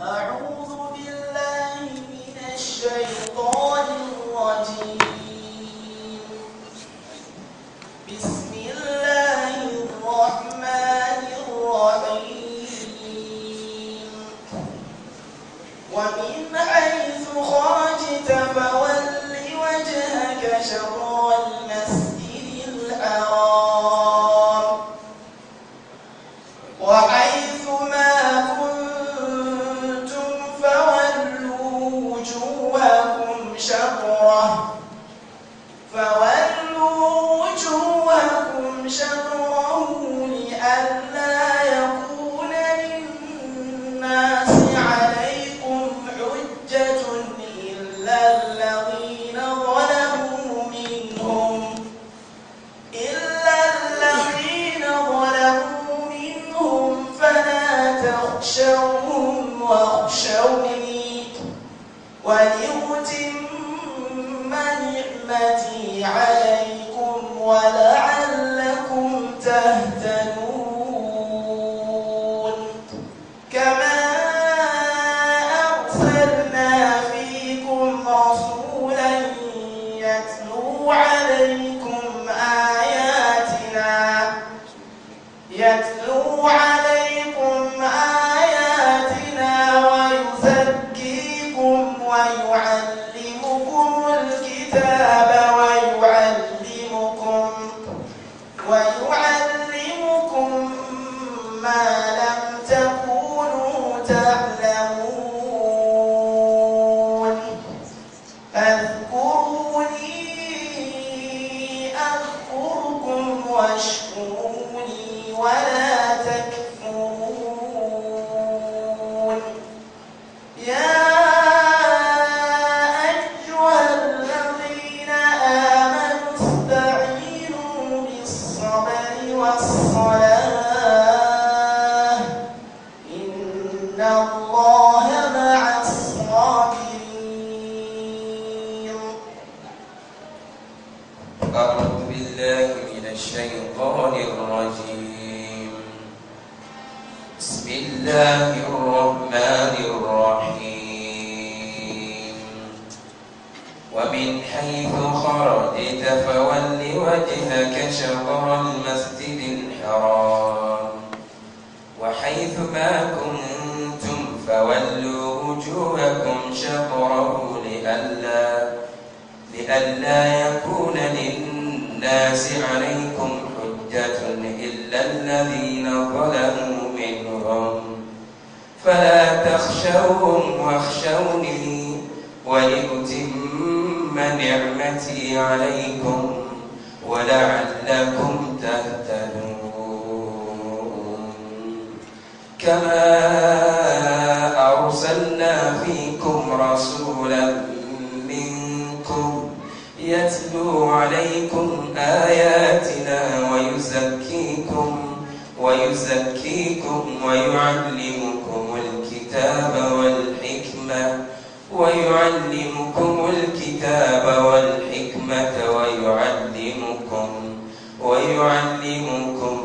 Ah, vamos usa ومن حيث خرجت فول وجهك شطر المسجد الحرام وحيث ما كنتم فولوا وجوهكم شطره لئلا لئلا يكون للناس عليكم حجة إلا الذين ظلموا منهم فلا تخشوهم واخشوني ولأتم ثم نعمتي عليكم ولعلكم تهتدون كما أرسلنا فيكم رسولا منكم يتلو عليكم آياتنا ويزكيكم ويزكيكم ويعلمكم الكتاب والحكمة ويعلمكم الكتاب والحكمة ويعلمكم ويعلمكم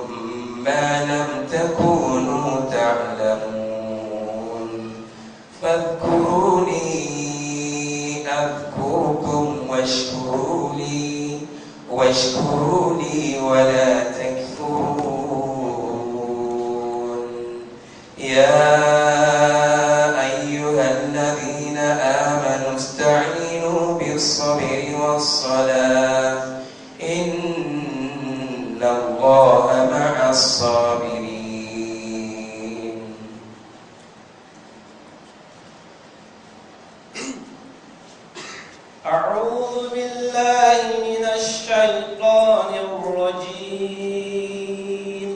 ما لم تكونوا تعلمون فاذكروني أذكركم واشكروا لي واشكروا لي ولا تكفرون يا الصلاة إن الله مع الصابرين أعوذ بالله من الشيطان الرجيم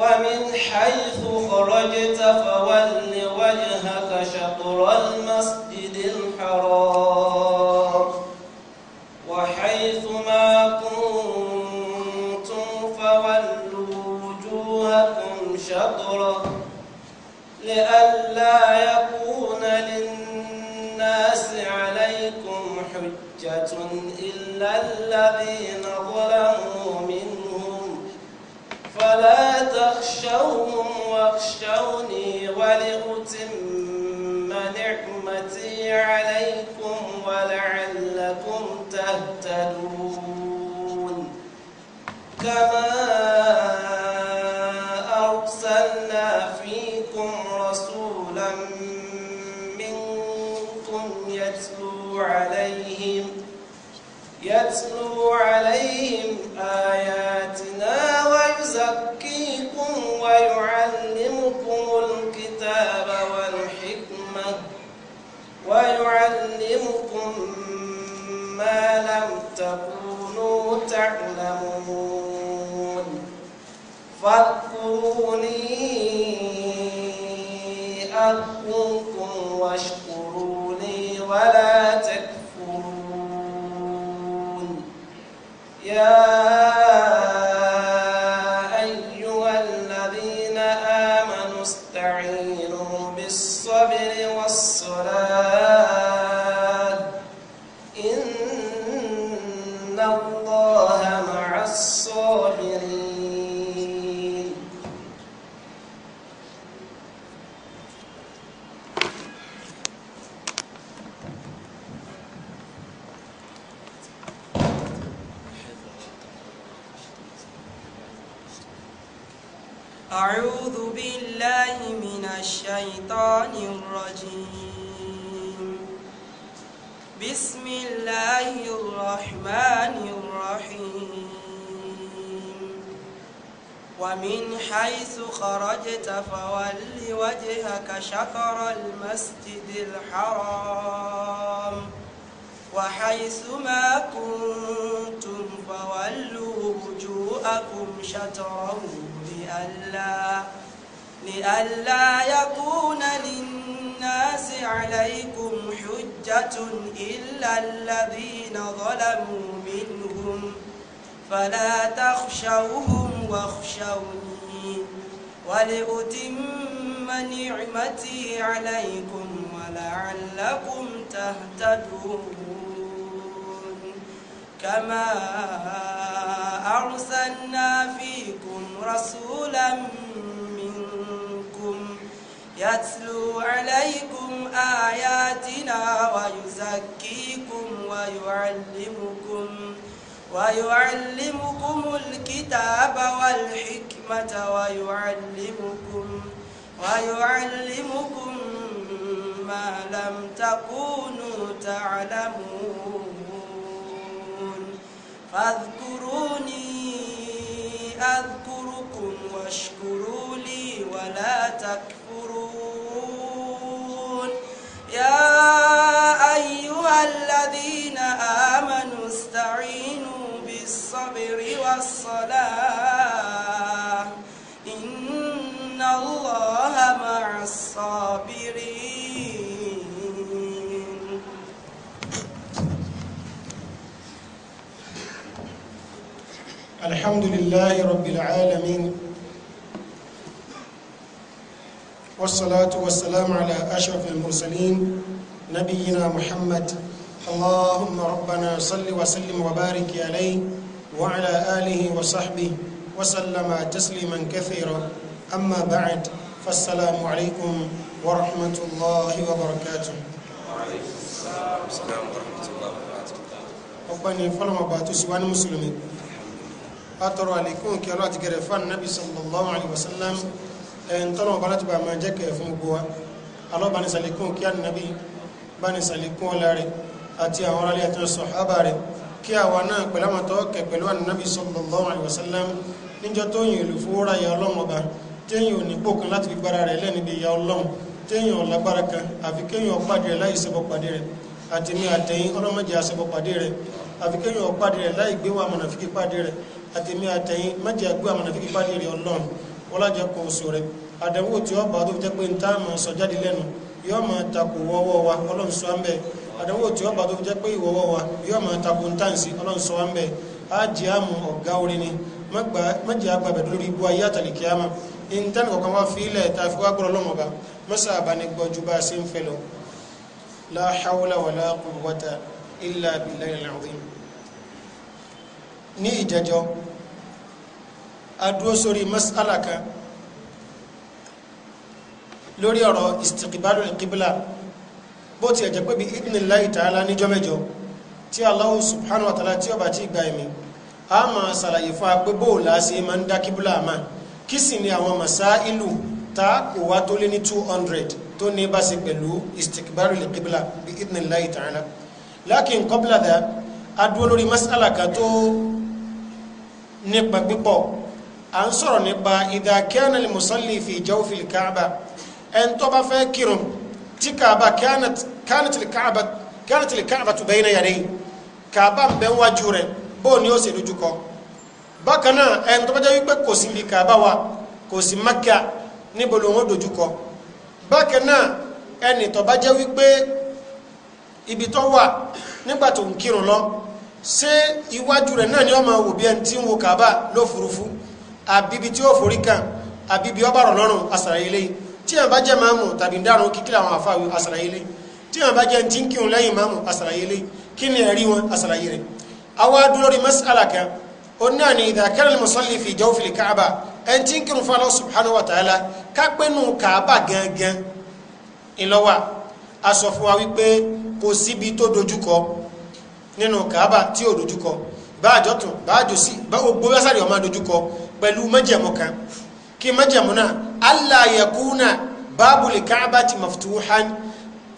ومن حيث خرجت فول وجهك شطر المسجد الحرام شطرا لئلا يكون للناس عليكم حجة إلا الذين ظلموا منهم فلا تخشوهم واخشوني ولأتم نعمتي عليكم ولعلكم تهتدون كما عليهم آياتنا ويزكيكم ويعلمكم الكتاب والحكمة ويعلمكم ما لم تكونوا تعلمون فاذكروني أذكركم واشكروني ولا تعلمون الله الرحمن الرحيم ومن حيث خرجت فول وجهك شطر المسجد الحرام وحيث ما كنتم فولوا وجوهكم شطره لئلا لئلا يكون للناس للناس عليكم حجة إلا الذين ظلموا منهم فلا تخشوهم واخشوني ولأتم نعمتي عليكم ولعلكم تهتدون كما أرسلنا فيكم رسولا يتلو عليكم آياتنا ويزكيكم ويعلمكم ويعلمكم الكتاب والحكمة ويعلمكم ويعلمكم ما لم تكونوا تعلمون فاذكروني أذكركم واشكروا لي ولا تكفروا آمنوا استعينوا بالصبر والصلاة إن الله مع الصابرين الحمد لله رب العالمين والصلاة والسلام على أشرف المرسلين نبينا محمد اللهم ربنا صل وسلم وبارك عليه وعلى آله وصحبه وسلم تسليما كثيرا أما بعد فالسلام عليكم ورحمة الله وبركاته وعليكم السلام ورحمة الله وبركاته ọ̀pẹ́ni fọ́lọ́mọ̀bà tó sì wá ní mùsùlùmí látọrọ àlékún kí ọlọ́ àti gẹ̀rẹ̀ fún nàbí sallallahu alaihi wasallam ẹ̀yìn tọ́lọ̀ bá láti bá máa jẹ́ kẹ̀ fún gbogbo wa alọ́bánisàlékún kí á nàbí bánisàlékún ọlá rẹ̀ àti àwọn aráàlú àti sàhábà rẹ̀ kí àwa náà pẹ̀lú àwọn tó kẹ̀ pẹ̀lú ànábì sallallahu alaihi wasallam níjọ tó yìn ìlú fúnra ya ọlọ́run ọba téèyàn ò ní gbókan láti fi gbára rẹ̀ lẹ́ni bí ya ọlọ́run téèyàn ò lágbára kan àfi kéèyàn ọ̀pàdé rẹ̀ láì ṣẹbọ pàdé rẹ̀ àti mi àtẹ̀yìn ọlọ́mọdé àṣẹbọ pàdé rẹ̀ àfi kéèyàn ọ̀pàdé rẹ̀ láì gbé wa mọ̀nàfíkì pàdé rẹ̀ àti mi àtẹ̀yìn mẹ́jẹ̀ àgbé wa mọ̀nàfíkì pàdé rẹ̀ ọlọ́run wọ́lájọ kò sọ rẹ̀ àdánwò tí ọba tó fi jẹ́ pé ń sọ jáde lẹ́nu yóò máa takò wọ́wọ́ wa ọlọ́run sọ bẹ́ẹ̀ àdánwò tí wọ́n bá tó jẹ́ pé ìwọ́wọ́ wa yóò máa tako ń tàn sí ń bẹ̀ á jẹ́ àmú ọ̀gá orin ni má àgbàbẹ̀ lórí ibú ayé àtàlẹ̀kí àmà ìntẹ́nì kọ̀ọ̀kan wá fi ilẹ̀ ta fi wá gbọ́rọ̀ lọ́mọba mọ́sà àbánigbọ́ ju bá a ṣe ń fẹ́ lọ ní ìjẹjọ́ adúró sórí mas'ala kan lórí ọ̀rọ̀ istiqbalul qibla bó ti ẹ̀jẹ̀ pé bí idnillahi ta'ala níjọ́ mẹ́jọ tí Allahu subhanahu wa ta'ala tí ó bá ti gba ẹ̀mí a máa ṣàlàyé fún wa pé bóò láṣẹ máa ń dá kíbùlà àmà kí sì ni àwọn masailu ta kò wá tó lé ní 200 tó ní bá ṣe pẹ̀lú istikbaru lè kíbùlà bí idnillahi ta'ala lakin qabla dha adúró lórí mas'ala kan tó nípa pípọ̀ à ń sọ̀rọ̀ nípa idha kana musalli fi jawfil káàbà ẹni tó bá fẹ́ kírun tí káàbà kanat كانت الكعبة كانت الكعبة بين يديه كعبة بين وجوره بون يوسي لجوكو بكنا ان تبدا يبقى كوسي لكعبة وا كوسي مكة نبلو دوجوكو بكنا ان تبدا يبقى ibi tó wà nígbà tó ń kírun lọ ṣé iwájú náà ni ọmọ wò bí ẹni tí ń wo kàbá lófurufú àbíbi tí ó forí kan àbíbi ọbàrọ̀ lọ́rùn àsàrà ilé tí ẹ̀ bá jẹ́ máa mú tàbí dárun àwọn tí wọn bá jẹ́ ti ń kírun lẹ́yìn máàmù àsàlàyé lé kí ni ẹ̀rí wọn àsàlàyé rẹ̀ àwa dúró lórí mas'ala kan ó náà ní idha kana al-musalli fi jawfil káàbà ẹ̀ ti ń kírun fún Allah subhanahu wa ta'ala kápẹ́nu káàbà gangan ìlọ́wà a sọ fún wa wípé kò síbi tó dojúkọ nínú káàbà tí ò dojúkọ bá àjọtún bá àjòsí bá gbogbo wẹ́sàrì ọmọ dojúkọ pẹ̀lú májẹ̀mú kan kí májẹ̀mú náà alla yakuna babul káàbà ti maftuhan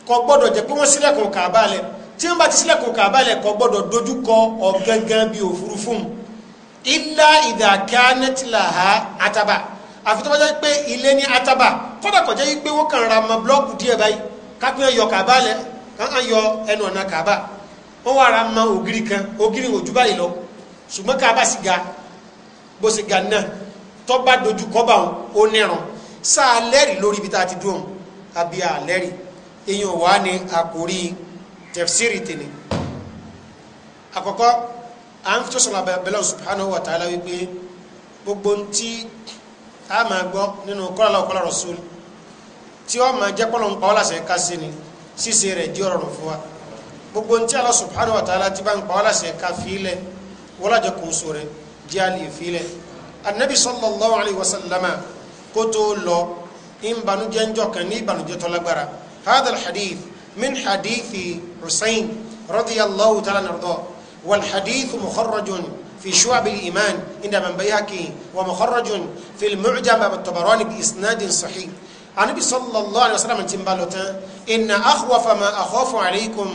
kò gbọ́dọ̀ jẹ́ pé wọ́n sílẹ̀kùn kàbálẹ̀ tí wọ́n bá ti sílẹ̀kùn kàbálẹ̀ kò gbọ́dọ̀ dojúkọ ọ̀gángan bí òfurufú ilá ìdàkánẹ́tìláha ataba àfi tó bá jẹ́ pé ilé ní ataba kódà kò jẹ́ pé wọ́n kàn ra mọ blọ́ọ̀kù díẹ̀ báyìí kápẹ́ yọ kàbálẹ̀ kàn yọ ẹnu ọ̀nà kàbá wọ́n wá ra mọ ògiri kan ògiri òjú báyìí lọ ṣùgbọ́n kàbá sì ga bó sì ga náà tó bá dojúkọ bá wọn ó nírun sáà lẹ́rìí lórí ibi tá a ti dúró àbí àlẹ́rìí ìyẹn wà ní àkórí tafsiri tèlé àkọ́kọ́ à ń tó sọ̀rọ̀ abẹ́lẹ́ subhanahu wa ta'ala wípé gbogbo ntí a máa gbọ́ nínú kọ́lá ọ̀kọ́lá rasul tí ó máa jẹ́ pọ́lọ́ ń pa ọ́ láṣẹ ká sí ni ṣíṣe rẹ̀ di ọ̀rọ̀ fún wa gbogbo ntí Allah subhanahu wa ta'ala ti bá ń pa ọ́ láṣẹ ká fílẹ̀ wọ́lájọ kò so rẹ̀ di àlè fílẹ̀ anabi sallallahu alayhi wa sallama kó tó lọ ìbànújẹ́ ńjọ kan ní ìbànújẹ́ tó هذا الحديث من حديث حسين رضي الله تعالى عنه والحديث مخرج في شعب الإيمان عند من بيهكي ومخرج في المعجم والطبراني بإسناد صحيح عن النبي صلى الله عليه وسلم تنبالتا إن أخوف ما أخاف عليكم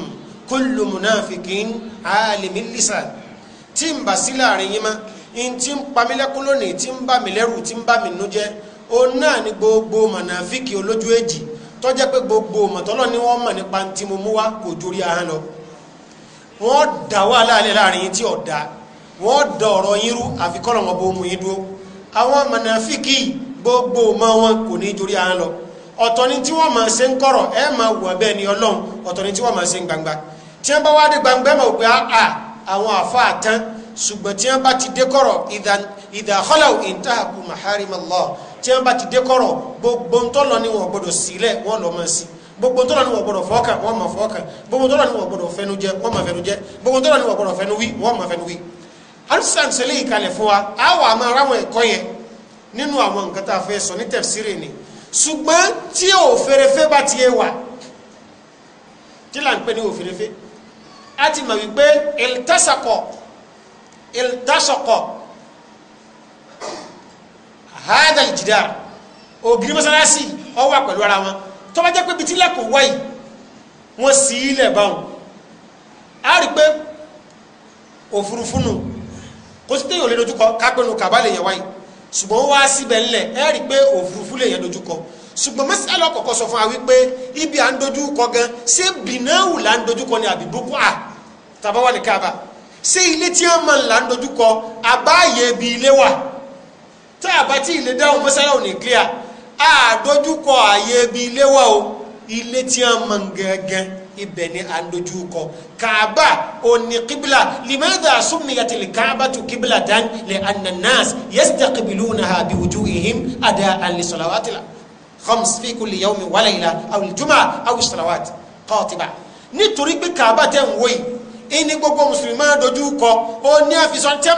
كل منافق عالم اللسان تنبا سلا ريما إن تنبا ملكولوني تنبا ملرو تنبا منجة أو ناني بو بو منافقي ولجوجي tọ́jẹ́ pé gbogbo mọ̀tọ́lọ́ ni wọ́n mọ̀ nípa tí mo mú wá kò jórí ahọ́n lọ wọ́n dà wá láàlẹ́ láàrin yín tí ò da wọ́n dà ọ̀rọ̀ yín rú àfikọ́lọ̀ wọn bó mú yín dúró àwọn mọ̀nàfíkì gbogbo mọ̀ wọn kò ní jórí ahọ́n lọ ọ̀tọ̀ ni tí wọ́n máa ṣe ń kọ̀rọ̀ ẹ máa wù abẹ́ ni ọlọ́run ọ̀tọ̀ ni tí wọ́n máa ṣe ń gbangba tí wọ́n bá wá dé gbangba mọ̀ pé a àwọn àfa àtán ṣùgbọ́n tí wọ́n bá ti dé kọ̀rọ̀ ìdàkọ́lọ̀ ìntàkùn maharim Allah tí wọ́n bá ti dé kọ́rọ̀ gbogbo ntọ́lọ ni wọ́n gbọ́dọ̀ sílẹ̀ wọ́n lọ mọ́ sí gbogbo ntọ́lọ ni wọ́n gbọ́dọ̀ fọ́ọ̀kà wọ́n máa fọ́ọ̀kà gbogbo ntọ́lọ ni wọ́n gbọ́dọ̀ fẹnu jẹ wọ́n máa fẹnu jẹ gbogbo ntọ́lọ ni wọ́n gbọ́dọ̀ fẹnu wí wọ́n máa fẹnu wí. alisan sẹlẹ̀ ìkàlẹ̀ fún wa a wà máa ráwọn ẹ̀kọ́ yẹn nínú àwọn nǹkan tá a fẹ́ sọ ní tẹ̀síìrì ni ṣùgbọ́n tí òfèrèfé bá ti yẹ wà tí là ń pè ní òfèrèfé a ti mọ̀ wípé ìlítàsàkọ̀ ìlítàsàkọ̀ hada ìjìdá ògiri mọ́sálásí ọwọ́ pẹ̀lú ara wọn tó bá jẹ́ pé bitílẹ̀ kò wáyì wọ́n sì ilẹ̀ báwọn a rí pé òfurufú nù kó sí téèyàn lè dojúkọ kápẹ́nu kàbá lè yẹ wáyì ṣùgbọ́n wá síbẹ̀ ńlẹ̀ ẹ rí pé òfurufú lè yẹn dojúkọ ṣùgbọ́n mọ́sálásí ọkọ̀ọ̀kọ̀ sọ fún wa wípé ibi à ń dojúkọ gan ṣé bìnáwù là ń dojúkọ ni àbí boko a tàbá wà ní káàbà ṣé ilé tí wọ́n máa là ń dojúkọ àbáyé ibi ilé wà tá a bá tí ilé dáhùn mọ́sálà ò ní clear àdójúkọ ààyè ibi ilé wa o ilé tí a mọ̀ gẹ́gẹ́ ibẹ̀ ni a dojúkọ kaaba ó ní kibla limadha sumiyat tu kibla dan li anna nas yastaqbilunaha bi wujuhihim ada'an li salawatil khams fi kulli yawmin wa layla aw aljum'a salawat qatiba nítorí pé kaaba tẹ̀ ń wòye ẹni gbogbo mùsùlùmí máa dojú kọ ó ní àfisàn tí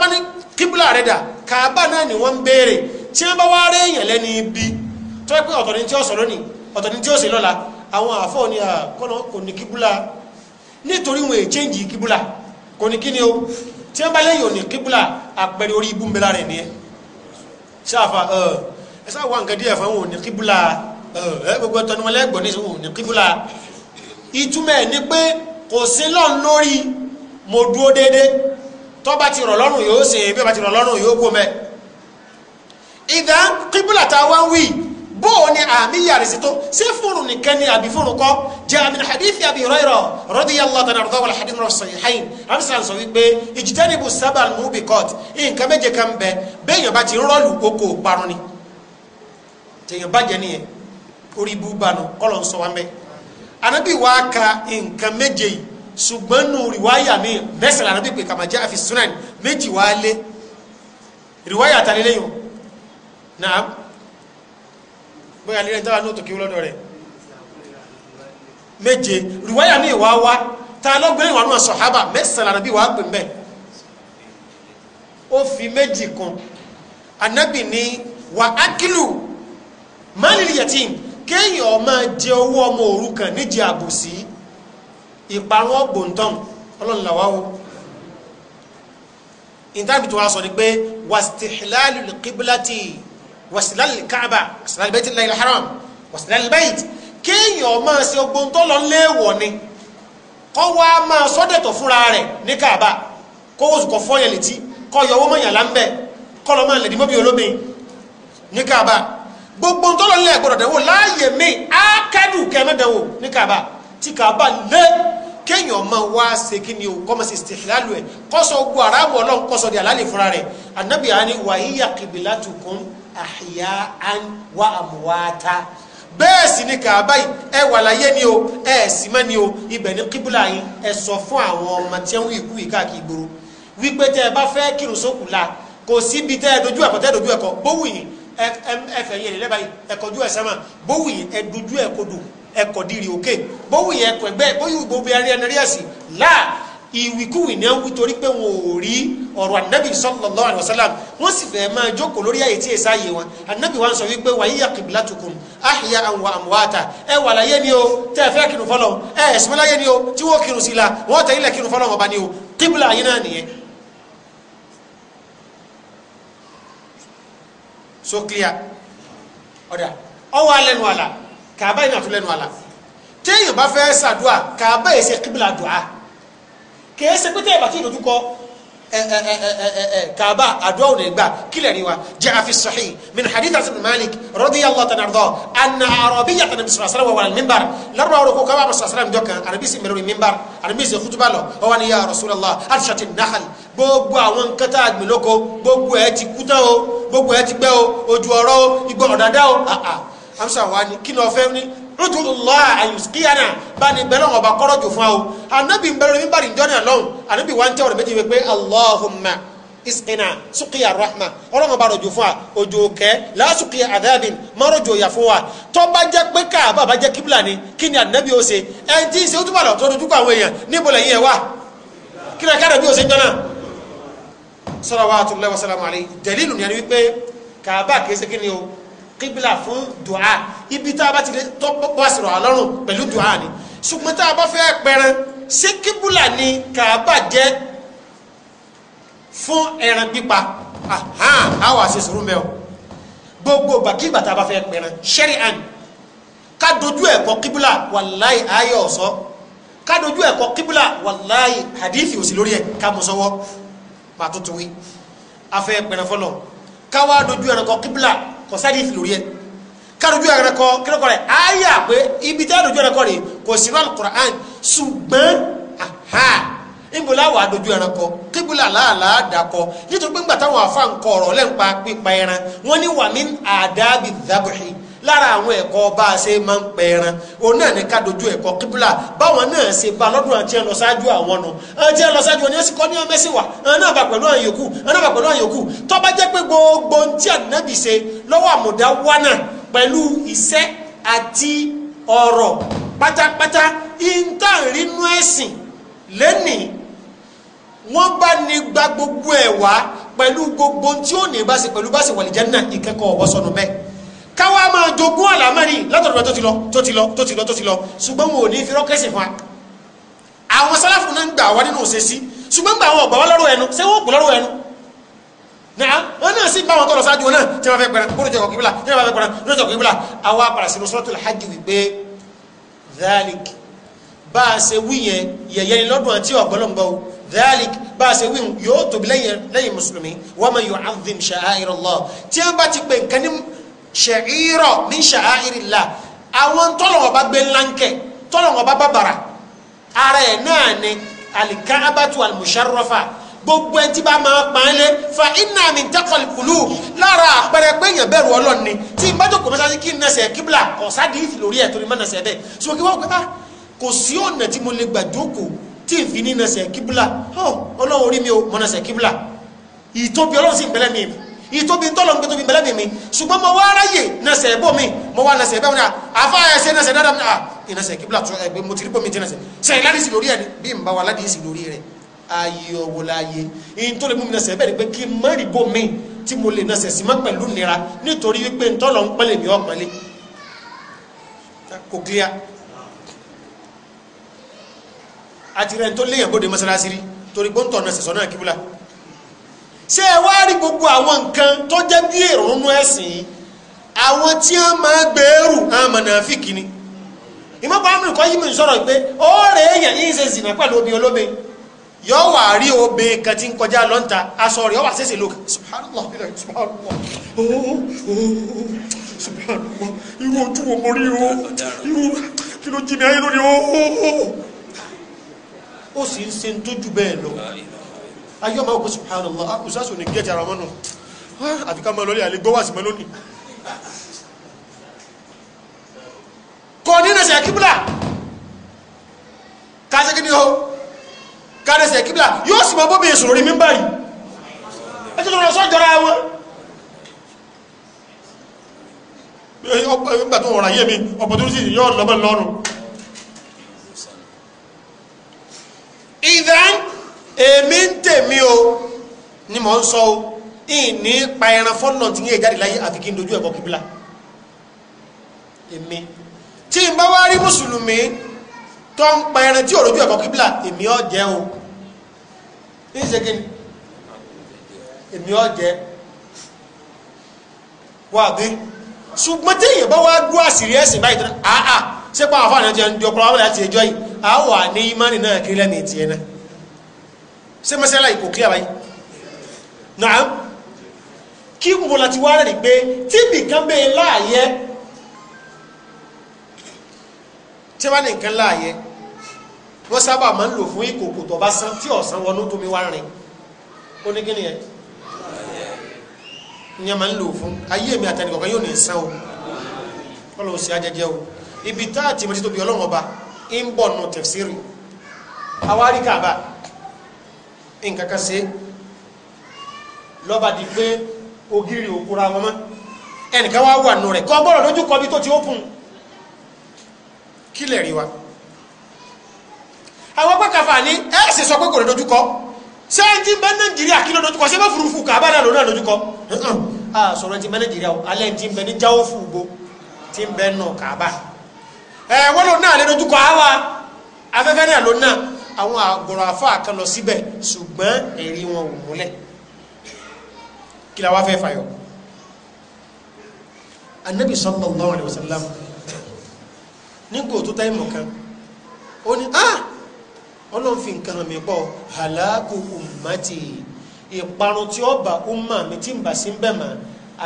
kíbùlà rẹ̀ dà kàábà náà ni wọ́n ń béèrè tí wọ́n bá wá rẹ̀ èèyàn lẹ́ni ibi tó yẹ pé ọ̀tọ̀ ni tí ó sọ lónìí ọ̀tọ̀ ni tí ó sì lọ́la àwọn àfọ́ ni àkọ́nà kò ní kíbùlà nítorí wọn èchéǹjì kíbùlà kò ní kíni o tí wọ́n bá lẹ́yìn òní kíbùlà àpẹẹrẹ orí ibú mbẹ́lá rẹ̀ nìyẹn ṣáàfà ẹ ẹ sáà wà nǹkan díẹ̀ fáwọn òní kíbùlà ẹ gbogbo ẹtọ́ ni wọ́n lẹ́gbọ̀n ni pé kò sí lọ́n lórí tó bá ti rọ̀ lọ́rùn yóò ṣe bí ó bá ti rọ̀ lọ́rùn yóò kó mẹ́ ìdá kíbùlà tá a wá ń wí bóò ni àmì yàrá sí tó ṣé fóònù nìkan ni àbí fóònù kọ́ jẹ́ àmì hadithi Abi Hurayra radiyallahu ta'ala anhu wal hadith rọ̀ sahihayn amsan sọ wípé ijtanibu sab'al mubiqat nǹkan méje kan bẹ bẹ́ẹ̀ yọba ti rọ́ọ̀lù oko parun ni tèèyàn bàjẹ́ nìyẹn orí bú banu kọ́lọ̀ ń sọ wa mẹ́ anabi wàá ka nǹkan méje yìí ṣùgbọ́n nù rìwáyà mi mẹ́sàn án pípé kàmájá àfi sunan méjì wá lé rìwáyà àtàlélẹ́yìn náà bóyá lílẹ̀ táwa ní òtòkè lọ́dọ̀ rẹ̀ méje rìwáyà mi wá wá ta lọ́gbẹ́rẹ́ ìwà náà sọ̀hábà mẹ́sàn án bí wàá pè mbẹ́ ó fi méjì kan anabi ní wà ákìlù mánìlì yẹtìm kéèyàn máa jẹ owó ọmọ òrukàn níjẹ àbòsí ìparun ọgbọ̀ntàn ọlọ́run làwá o ìtàbí tó wá sọ ni pé wàstíhìláàlù kíbílátì wàstíhìláàlù káàbà wàstíhìláàlù bẹ́tì láìlá haram wàstíhìláàlù bẹ́ẹ̀t kéèyàn máa ṣe ọgbọ̀ntàn lọ léèwọ̀ ni kọ́ wá máa sọ́dẹ̀tọ̀ fúnra ní káàbà gbogbo ntọ́lọ́lẹ́ gbọ́dọ̀ dẹ̀wò láàyè mi á kẹ́dù kẹ́mẹ́dẹ̀wò ní káàbà tí kàábà lé kéèyàn máa wá ṣe kí ni o kọ́mọ sí istihlalu ẹ̀ kọ́sọ̀ ogun aráàbù ọlọ́run kọ́sọ̀ di àlálẹ̀ fúnra rẹ̀ anabi ani wàhíyà qiblatukum ahya'an wa amwata bẹ́ẹ̀ sì ni kàábà yìí ẹ wà láyé ni o ẹ sì mọ́ ni o ibẹ̀ ni kíbùlà yín ẹ sọ fún àwọn ọmọ tí wọ́n ikú yìí káàkiri gbòòrò wípé tẹ́ ẹ bá fẹ́ kírun sókù la kò síbi tẹ́ ẹ dojú ẹ̀kọ́ tẹ́ dojú ẹ̀kọ́ bówù yìí ẹ fẹ̀yìn ẹ̀ lẹ́bàá yìí ẹ̀kọ́jú ẹ̀ sẹ́mà bówù yìí ẹ dojú ẹ̀kọ́ dùn ẹkọ̀ dìrì òkè bówù yẹ ẹkọ̀ ẹgbẹ́ bóyú gbogbo ẹrí ẹni rí ẹ̀sìn láà ìwìkúwì ni wọ́n wí torí pé wọn ò rí ọ̀rọ̀ ànábì sallallahu alaihi wasallam wọ́n sì fẹ́ máa jókòó lórí àyè tí èsà yé wọn ànábì wa sọ wípé wa hiya qiblatukum ahya'an wa amwata ẹ wà láyé ni o tẹ́ ẹ fẹ́ kírun fọlọ́ ẹ ẹ̀sìn láyé ni o tí wọ́n kírun sí la wọ́n tẹ̀ ilẹ̀ kírun fọlọ́ wọn bá ní o kíbla yín náà nìyẹn. so clear ọ̀dà ọwọ́ alẹ́ nu àlà kàbá yìí náà tún lẹ́nu àlà téèyàn bá fẹ́ ṣàdúà kàbá yìí ṣe kíbìlà dùà kìí ṣe pé téèyàn bá tún ìdójúkọ kàbá àdúà ò ní gbà kílẹ̀ ni wa jẹ́ àfi sahih min hadith asim malik radiyallahu ta'ala anhu anna arabiya tana bisu asara wa wàlal mimbar larba wàlal ko kaba masu asara njọkan arabisi mẹrẹri mimbar arabisi kutuba lọ ọwọ ni ya rasulallah alishati nahal gbogbo àwọn kẹta àgbélóko gbogbo ẹ ti kú o gbogbo ẹ ti gbẹ o ojú ọ̀rọ̀ o igbó ọ̀dàdá o ah ah amsa wa ni kí ni ọfẹ ni rutullah ayuskiyana bá ní bẹlẹ ọba kọrọ jù fún ọ anabi ń bẹrẹ nígbà níjọ náà lọhùn anabi wa ń tẹ ọ̀rọ̀ méjì wípé allahumma isqina suqiya rahma ọlọ́run ọba rọ̀jò fún wa òjò kẹ́ la suqiya adhabin má rọ̀jò yà fún wa tó bá jẹ́ pé káàbà bá jẹ́ kíbla ni kí ni anabi ó ṣe ẹni tí ń ṣe ó túbọ̀ lọ tó dojú kọ àwọn èèyàn níbo lẹ́yìn ẹ̀ wá kí ni káàdà bí ó ṣe jọ náà salawatullahi wa salamu alayhi dalilu ni wípé káàbà kìí ṣe kí ni o kíbílà fún dùá ibi tá a bá ti lè tọ́ bọ́ sí rọ̀ lọ́rùn pẹ̀lú dùá ni ṣùgbọ́n tá a bá fẹ́ pẹran ṣé kíbílà ni kàábà jẹ́ fún ẹran pípa àwọn àṣẹ sòrò mẹ́ọ̀ gbogbo gbàkígbà tá a bá fẹ́ pẹran ṣẹ́rí àn ká dojú ẹ̀kọ́ kíbílà wàláì ayé ọ̀sọ́ ká dojú ẹ̀kọ́ kíbílà wàláì hadithi òsì lórí ẹ̀ ká mọ̀ sọ́wọ́ pàtó tuwi afẹ́ pẹran fọlọ́ ká wá dojú ẹ̀kọ́ kíbílà kò sádìí fi lórí ẹ kárójú ẹ̀rẹ́ kọ kílọ̀kọ̀ rẹ̀ ayà pé ibi tí àdójú ẹ̀rẹ́ kọ rẹ̀ kò sí rán Qur'an ṣùgbọ́n aha níbula wà àdójú ẹ̀rẹ́ kọ kíbula làálàá dàkọ nítorí pé ńgbà táwọn afáǹkọ ọ̀rọ̀ lẹ́ńpa pípa ẹran wọ́n ní wàmí àdábì dábùhì lára àwọn ẹ̀kọ́ bá a ṣe máa ń pẹ ẹran òun náà ní ká dojú ẹ̀kọ́ kíbílà báwọn náà ṣe bá lọ́dún àti ẹ̀ lọ ṣáájú àwọn nù àti ẹ̀ lọ ṣáájú ọ̀nà ẹ̀sìn kọ́ ní ọmọ ẹ̀sìn wà náà bá pẹ̀lú àwọn yòókù náà bá pẹ̀lú àwọn yòókù tó bá jẹ́ pé gbogbo ohun tí ànábì ṣe lọ́wọ́ àmùdá wá náà pẹ̀lú iṣẹ́ àti ọ̀rọ̀ pátápátá ìntàrínú ẹ̀sìn lẹ́nìí wọ́n ẹ̀ káwá máa jogún àlámẹ́rin látọ̀dọ̀ tó ti lọ tó ti lọ tó ti lọ tó ti lọ ṣùgbọ́n wọn ò ní fi rọ́kẹ́sì fún wa àwọn sálàfù náà ń gbà wá nínú òṣè sí ṣùgbọ́n gbà wọn ọ̀gbà wá lọ́rọ̀ ẹnu ṣé wọ́n kù lọ́rọ̀ ẹnu náà wọn náà sì bá wọn tọrọ ṣáájú wọn náà tí wọn fẹ́ gbẹran kúrò jọkọ̀ kíbílà tí wọn fẹ́ gbẹran kúrò jọkọ̀ kíbílà àwa àpàrà sínú suratul hajj wípé dhalik bá a ṣe wí yẹn yẹ̀yẹ́ ni lọ́dún àti ọ̀gbọ́lọ́gbọ́ o dhalik bá a ṣe wí yóò tóbi lẹ́yìn mùsùlùmí wa man yu'azzim sha'a'ir Allah tí wọn bá ti pè nǹkan ní ṣẹ̀írọ̀ ní ṣàáìrìlá àwọn tọ́lọ̀wọ̀ bá gbé ńláńkẹ̀ tọ́lọ̀wọ̀ bá bàbàrà ara ẹ̀ náà ni alikaabatu almusharrafa gbogbo ẹ tí bá máa pa án lé fa iná mi dákọ̀lì kùlù lára àpẹẹrẹ pé èèyàn bẹ̀rù ọlọ́run ni tí n bá jókòó mẹ́sàájú kí n nẹsẹ̀ kíbla ọ̀sádì ìfì lórí ẹ̀ torí má nẹsẹ̀ bẹ́ẹ̀ ṣùgbọ́n kí wọ́n pẹ́ bá ah, kò sí ọ̀nà tí mo lè gbà jókòó tí n fi ní nẹsẹ̀ kíbla ọlọ́run orí mi ò mọ nẹsẹ̀ kíbla ìtóbi ọlọ́run sì ń bẹ́lẹ̀ mi ìtóbi tọ́lọ̀ nígbà tóbi bẹ̀lẹ́bì mi ṣùgbọ́n mo wá ráyè nẹsẹ̀ ẹ̀bọ́ mi mo wá nẹsẹ̀ ẹ̀bẹ́ mi àfa ẹsẹ̀ nẹsẹ̀ dáadáa mi ah, ìnẹsẹ̀ kíbla tó ẹgbẹ́ mo ti rí bọ́ mi ti nẹsẹ̀ sẹ́yìn ládìsí lórí ẹ̀ bí n bá wa ládìsí lórí rẹ̀ ayé ọwọ́ láyé ìyìn tó lè mú mi nẹsẹ̀ ẹ̀bẹ́ ni pé kí n má rí bọ́ mi tí mo lè nẹsẹ̀ sí má pẹ̀lú nira nítorí wípé n tọ́lọ̀ ń pẹ́lẹ̀ mi ọ̀pẹ́lẹ̀ kò clear àti rẹ̀ tó léyìn bóde ṣé ẹ wá rí gbogbo àwọn nǹkan tó jẹ́ bí èrònú ẹ̀sìn àwọn tí wọ́n máa gbèrú àwọn mọ̀nàfíkì ni ìmọ̀pá amúlù kọ́ yí mi sọ̀rọ̀ pé ó rè é yàn yín ṣe zìnà pẹ̀lú obìnrin olóbe yọ wà rí obìnrin kan tí ń kọjá lọ́ńta aṣọ rẹ̀ ọ wà ṣẹ̀ṣẹ̀ lókè subhanallah subhanallah ooo oh, ooo oh, oh, subhanallah irú ojú wo mo rí o irú kí ló jí mi ayé lórí o ó sì ń ṣe ń tójú bẹ́ẹ̀ lọ ayé ọmọ ogun subhanallah akùsásù ah, ní gẹ́ẹ̀tì ara mọ́nà ah, àfikà mọ́ lọ́lẹ́ àlẹ́ gbọ́wà sí mẹ́lónì kò ní nẹ̀sẹ̀ kíbla káṣẹ́ kí ni ó káṣẹ́ kíbla yóò sì mọ́ bóbi ìṣòro rí mímbà yìí ẹjọ́ sọ̀rọ̀ sọ́jọ́ra wọn nígbà tó wọ̀nà yé mi opportunity yóò lọ́mọ lọ́rùn ìdán èmi ń tèmi o ni mò ń sọ o ìní pa ẹran fọ́nà tí yẹn jáde láyé àfi kí n dojú ẹ̀kọ́ kíbílà èmi tí n bá wá rí mùsùlùmí tó ń pa ẹran tí ò dojú ẹ̀kọ́ kíbílà èmi ọ̀ jẹ́ o ní ìṣègùn èmi ọ̀ jẹ́ wà bí ṣùgbọ́n tí èèyàn bá wá gbọ́ àṣírí ẹ̀sìn báyìí tó náà àà pa àwọn afáàní ọjọ́ ìjọba ọlọ́wọ́ láti ẹjọ́ yìí àá wà ìmánì náà kiri lẹ́nu ìtìyẹn náà ṣé mẹ́sẹ́lá ìkò clear báyìí náà kí gbogbo láti wá rẹ̀ pé tí nìkan bẹ́ẹ̀ láàyẹ tí wọ́n ní nǹkan láàyẹ wọ́n sábà máa ń lò fún ìkòkò tó bá sán tí ọ̀sán wọnú tómi wá rìn ó ní kí nìyẹn ìyẹn máa ń lò fún ayé mi àtẹnìkọ̀kan yóò ní sán o wọ́n lọ ajẹjẹ o ibi tá àti ìmọ̀tí tóbi ọlọ́run ọba ń bọ̀ nù tafsiri àwárí kàbá nǹkan kan ṣe lọ́ba di pé ògiri òkúra wọn mọ́ ẹnìkan wá wà nù rẹ̀ kọ́ gbọ́dọ̀ lójú kọ́ tó ti ó fún un rí wa àwọn pẹ́kàfà ní ẹ̀ẹ́sì sọ pé kò lè dojú kọ́ ṣé ẹ ti bá nàìjíríà kí ló dojú kọ́ ṣé bá furuufu kà bá dàlọ́ náà dojú kọ́ sọ̀rọ̀ ti bá nàìjíríà o alẹ́ ti bẹ ní jáwó fún ugbó ti bẹ nù kàbá ẹ̀ wọ́n lò náà lè àwa afẹ́fẹ́ náà lò àwọn àgọ̀rọ̀ àfáà kan lọ síbẹ̀ ṣùgbọ́n ẹ̀rí wọn ò múlẹ̀ kí la fẹ́ fàyọ̀ anabi sallallahu alaihi wasallam sallam nígbà tó tá ìmọ̀ kan ó ní ah ọlọ́run fi nǹkan mi bọ̀ halaku ummati ìparun tí ó bá umma mi tí ń bà sí bẹ́ẹ̀ mà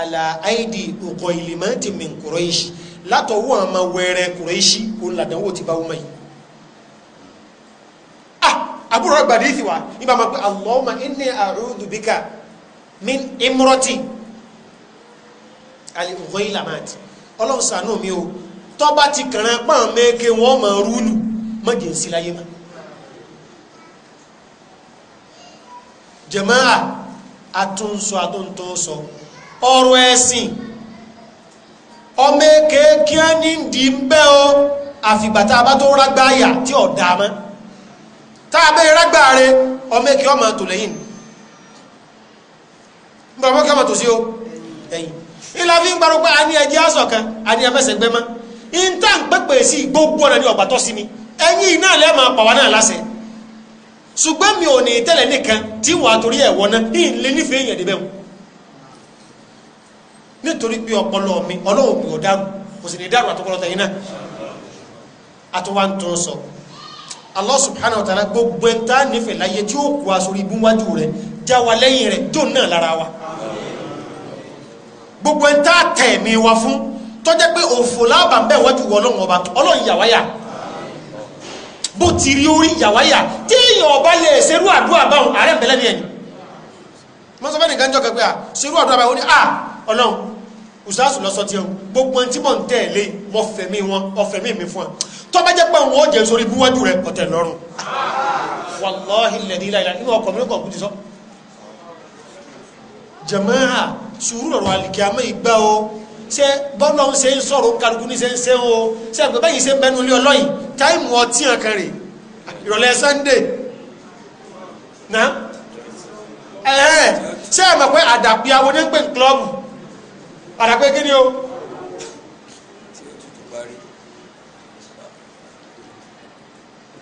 àlà àìdì òkò ìlìmọ́tì min Quraish látọwọ́ àmà wẹ̀rẹ̀ Quraish òun làdánwò ti bá umma yìí àbúrò gbàdí ìsìwà nígbà máa pé Allahumma inni a'udhu bika min imrati al-ghaylamat ọlọ́run ṣàánú mi o tọ́ba ti kàrán pàm mẹ́kẹ́ wọ́n máa rúlù mọ́jẹ̀ sí láyé mọ́ jàmáà àtúnsọ àtúntọ́sọ ọ̀rọ̀ ẹ̀sìn ọmọ èké kí á ní ìdí ń bẹ́ ọ àfìgbà tá a bá tó rágbáyà tí ọ̀dà mọ́ tá a bẹ́ẹ̀ rágbà rẹ ọmọ èkì ọmọ tò lẹ́yìn nígbà ọmọ kẹmọ tò sí o ẹ̀yìn ilà fi ń gbárò pé a ní ẹjẹ́ aṣọ kan a ní ẹfẹsẹ̀ gbẹ mọ́ ìta ń pẹ́pẹ́ sí gbogbo ọ̀nà ní ọ̀gbà tọ́ sí mi ẹ̀yìn iná lẹ́ máa pàwọ́ náà láṣẹ ṣùgbọ́n mi ò ní tẹ́lẹ̀ nìkan tí wọ́n àtòrí ẹ̀wọ́ náà ní ìlé nífẹ̀ẹ́ èèyàn débẹ̀ wọn nítorí pé ọpọlọ mi ọlọ́run pè ọ̀daràn kò sì ní dárò àtọkọlọtọ yìí náà àtọwà sọ Allah subhanahu wa ta'ala gbogbo ẹ̀ntà nífẹ̀ẹ́ láyé tí ó kú asorí ibúwájú rẹ̀ já wa lẹ́yìn rẹ̀ tó náà lára wa gbogbo ẹ̀ntà tẹ̀mí wa fún tọ́jẹ́ pé òfò láàbà ń bẹ̀ wájú ọlọ́run ọba ọlọ́run yàwáyà bó ti rí orí yàwáyà tí èèyàn ọba lè ṣerú àdúrà báwọn ààrẹ ń bẹ̀lẹ́ ní mọ́sọ́fẹ́ nìkan jọ́ kẹ́kẹ́ à ṣerú àdúrà báwọn ó ní à ọlọ́run usaasu lọ sọ tiẹ o gbogbo ẹni tí mò ń tẹ̀lé mọ fẹ̀mí wọn ọ̀fẹ̀mí mi fún wa tọ́ba jẹ́ pé àwọn ọ̀jẹ̀ sórí búwájú rẹ ọ̀tẹ̀ lọ́rùn wàláhi lẹ́dí láìla nínú ọkọ̀ mi kọ̀ kùtì sọ. jàmáà sùúrù ọ̀rọ̀ àlìkí àmọ́ ìgbà o ṣé bọ́lá ń ṣe ń sọ̀rọ̀ kálukú ní ṣe ń ṣe o ṣé àgbẹ̀ báyìí ṣe ń bẹnu ilé ọlọ́yìn táìmù ọtí hàn kan rè ìrọ̀lẹ́ Sunday náà ṣé àgbẹ̀ pé àdàpé awo ní pé club padà pé kí ni o.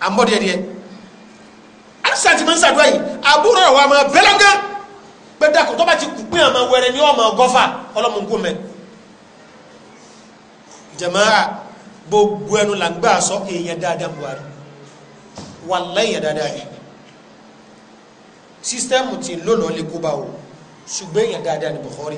àmọ́ díẹ̀ díẹ̀ ansa ti máa ń sàdúrà yìí àbúrò ọ̀wọ́ àmọ́ bẹ́lẹ́ngá gbẹ́dà kò tọ́ba ti kú pé àmọ́ wẹ̀rẹ̀ ni ọmọ gọ́fà ọlọ́mọkú mẹ́ jamaa gbogbo ẹnu là ń gbà sọ èèyàn dáadáa Buhari wàláhì èèyàn dáadáa yìí sísítẹ́ẹ̀mù ti ń lè kó bá o ṣùgbọ́n èèyàn dáadáa ni Buhari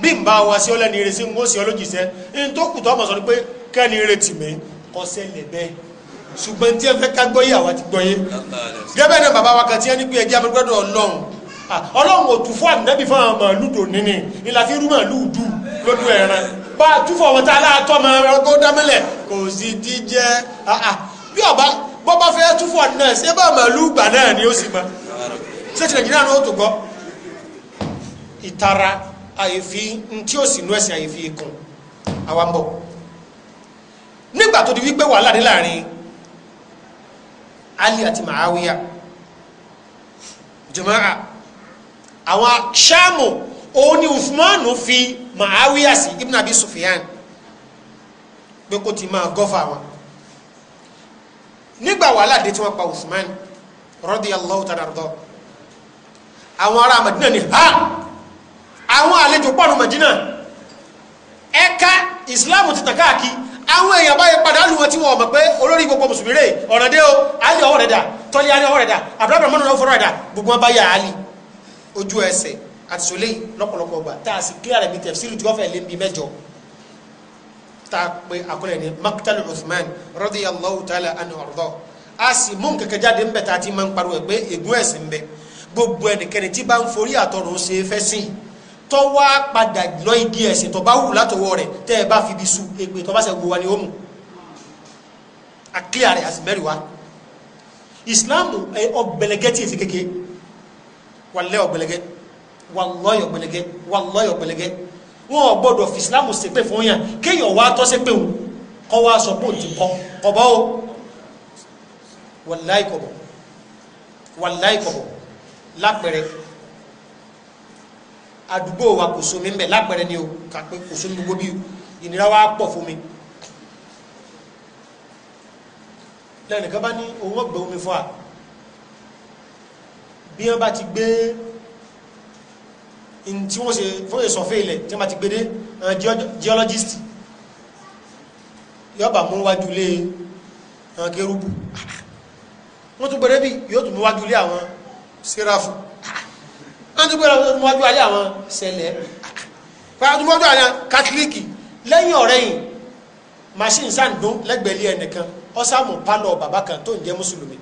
bí n bá wa sí ọ lẹ́ni ìrẹsì ń sí ọ lójìṣẹ́ ní tó kù tó ọmọ sọ ni pé kẹ́ni ìrètí mi kọ́ sẹ́lẹ̀ bẹ́ẹ̀ ṣùgbọ́n tí ẹ fẹ́ ká gbọ́ yé àwa ti gbọ́ yé gẹ́gẹ́ náà bàbá wa kan tí ẹ ní pé ẹjẹ́ abẹ́gbẹ́dọ̀ ọlọ́run ọlọ́run ò tún fún àdínẹ́bí fún àwọn màálù dò níní ìlà fi rú màálù dù lójú ẹ̀ràn bá a túfọ̀ wọn tá a láàtọ́ ma dámẹ́lẹ̀ ni ó sì mọ ṣé ti nàìjíríà náà àyèfi ntí ó sì nú ẹ̀sìn àyèfi ikùn àwa ń bọ̀ nígbà tó di wípé wàhálà dé láàrin Ali àti Màáwíyà jama'a àwọn ṣáàmù òun ni Usmanu fi Màáwíyà sí Ibn Abi Sufyan pé kó ti máa gọ́fà wọn nígbà wàhálà dé tí wọ́n pa Usman radiyallahu ta'ala anhu àwọn ará Madina ni ha àwọn àlejò pọ̀nù mẹ̀dínà ẹ̀ka ìsìláàmù ti tàn káàkiri àwọn èèyàn báyìí padà lù wọn tí wọn mọ̀ pé olórí gbogbo mùsùlùmí rè ọ̀rọ̀ dé o àlè ọwọ́ rẹ̀ dà tọ́lé àlè ọwọ́ rẹ̀ dà àbúrábìrì mọ́nà ọwọ́ rẹ̀ dà gbogbo wọn báyà àlè ojú ẹsẹ̀ àti sọlé lọ́pọ̀lọpọ̀ gbà tá a sì clear rẹ̀ bí tẹ̀sílù tí wọ́n fẹ́ lé bí mẹ́jọ tá a pe àkọlẹ̀ ní maktal Uthman radiyallahu ta'ala anhu ọ̀rọ̀dọ̀ a sì mú kẹkẹ jáde ńbẹ tá a ti máa ń pariwo ẹ pé ègún ẹ̀sìn ńbẹ gbogbo ẹnikẹ́ni tí bá ń forí àtọrùn ṣe fẹ́ sìn tọ́ wá padà lọ igi ẹ̀sìn tọ́ bá wù látọwọ́ rẹ̀ tẹ́ ẹ bá fi bí su èpè tọ́ bá ṣe gbogbo wa ni ó mú àkíyà rẹ̀ àti mẹ́rin wa islam ọ̀gbẹ̀lẹ̀gẹ́ tí èsì kéke wàlẹ́ ọ̀gbẹ̀lẹ̀gẹ́ wàlọ́yọ̀ ọ̀gbẹ̀lẹ̀gẹ́ wàlọ́yọ̀ ọ̀gbẹ̀lẹ̀gẹ́ wọn gbọ́dọ̀ fi islam ṣépè fún yàn kéèyàn wá tọ́ ṣépè òun kọ́ wá sọ pé òtún kọ́ kọ̀bọ́ o wàláì kọ̀bọ̀ wàláì kọ̀bọ̀ lápẹ̀rẹ̀ àdúgbò wa kò sómi ń bẹ lápẹẹrẹ ni o kà pé kò sómi gbogbo bí ìnira wa pọ̀ fún mi lẹ́nu kan bá ní owó gbé omi fún wa bí wọ́n bá ti gbé tí wọ́n ṣe fún ìsọ̀fẹ́ ilẹ̀ tí wọ́n bá ti gbé dé geologist yọba mú wájú lé kérúbù wọ́n tún gbẹ̀rẹ́ bí yóò tún mú wájú lé àwọn sẹ́ráfù àwọn tó gbéra wọn wájú alẹ́ àwọn sẹlẹ̀ wájú àwọn kátólíìkì lẹ́yìn ọ̀rẹ́ yìí machine sàǹdó lẹ́gbẹ̀ẹ́lì ẹnìkan ọ̀sàmù pálọ̀ bàbá kan tó ń jẹ́ mùsùlùmí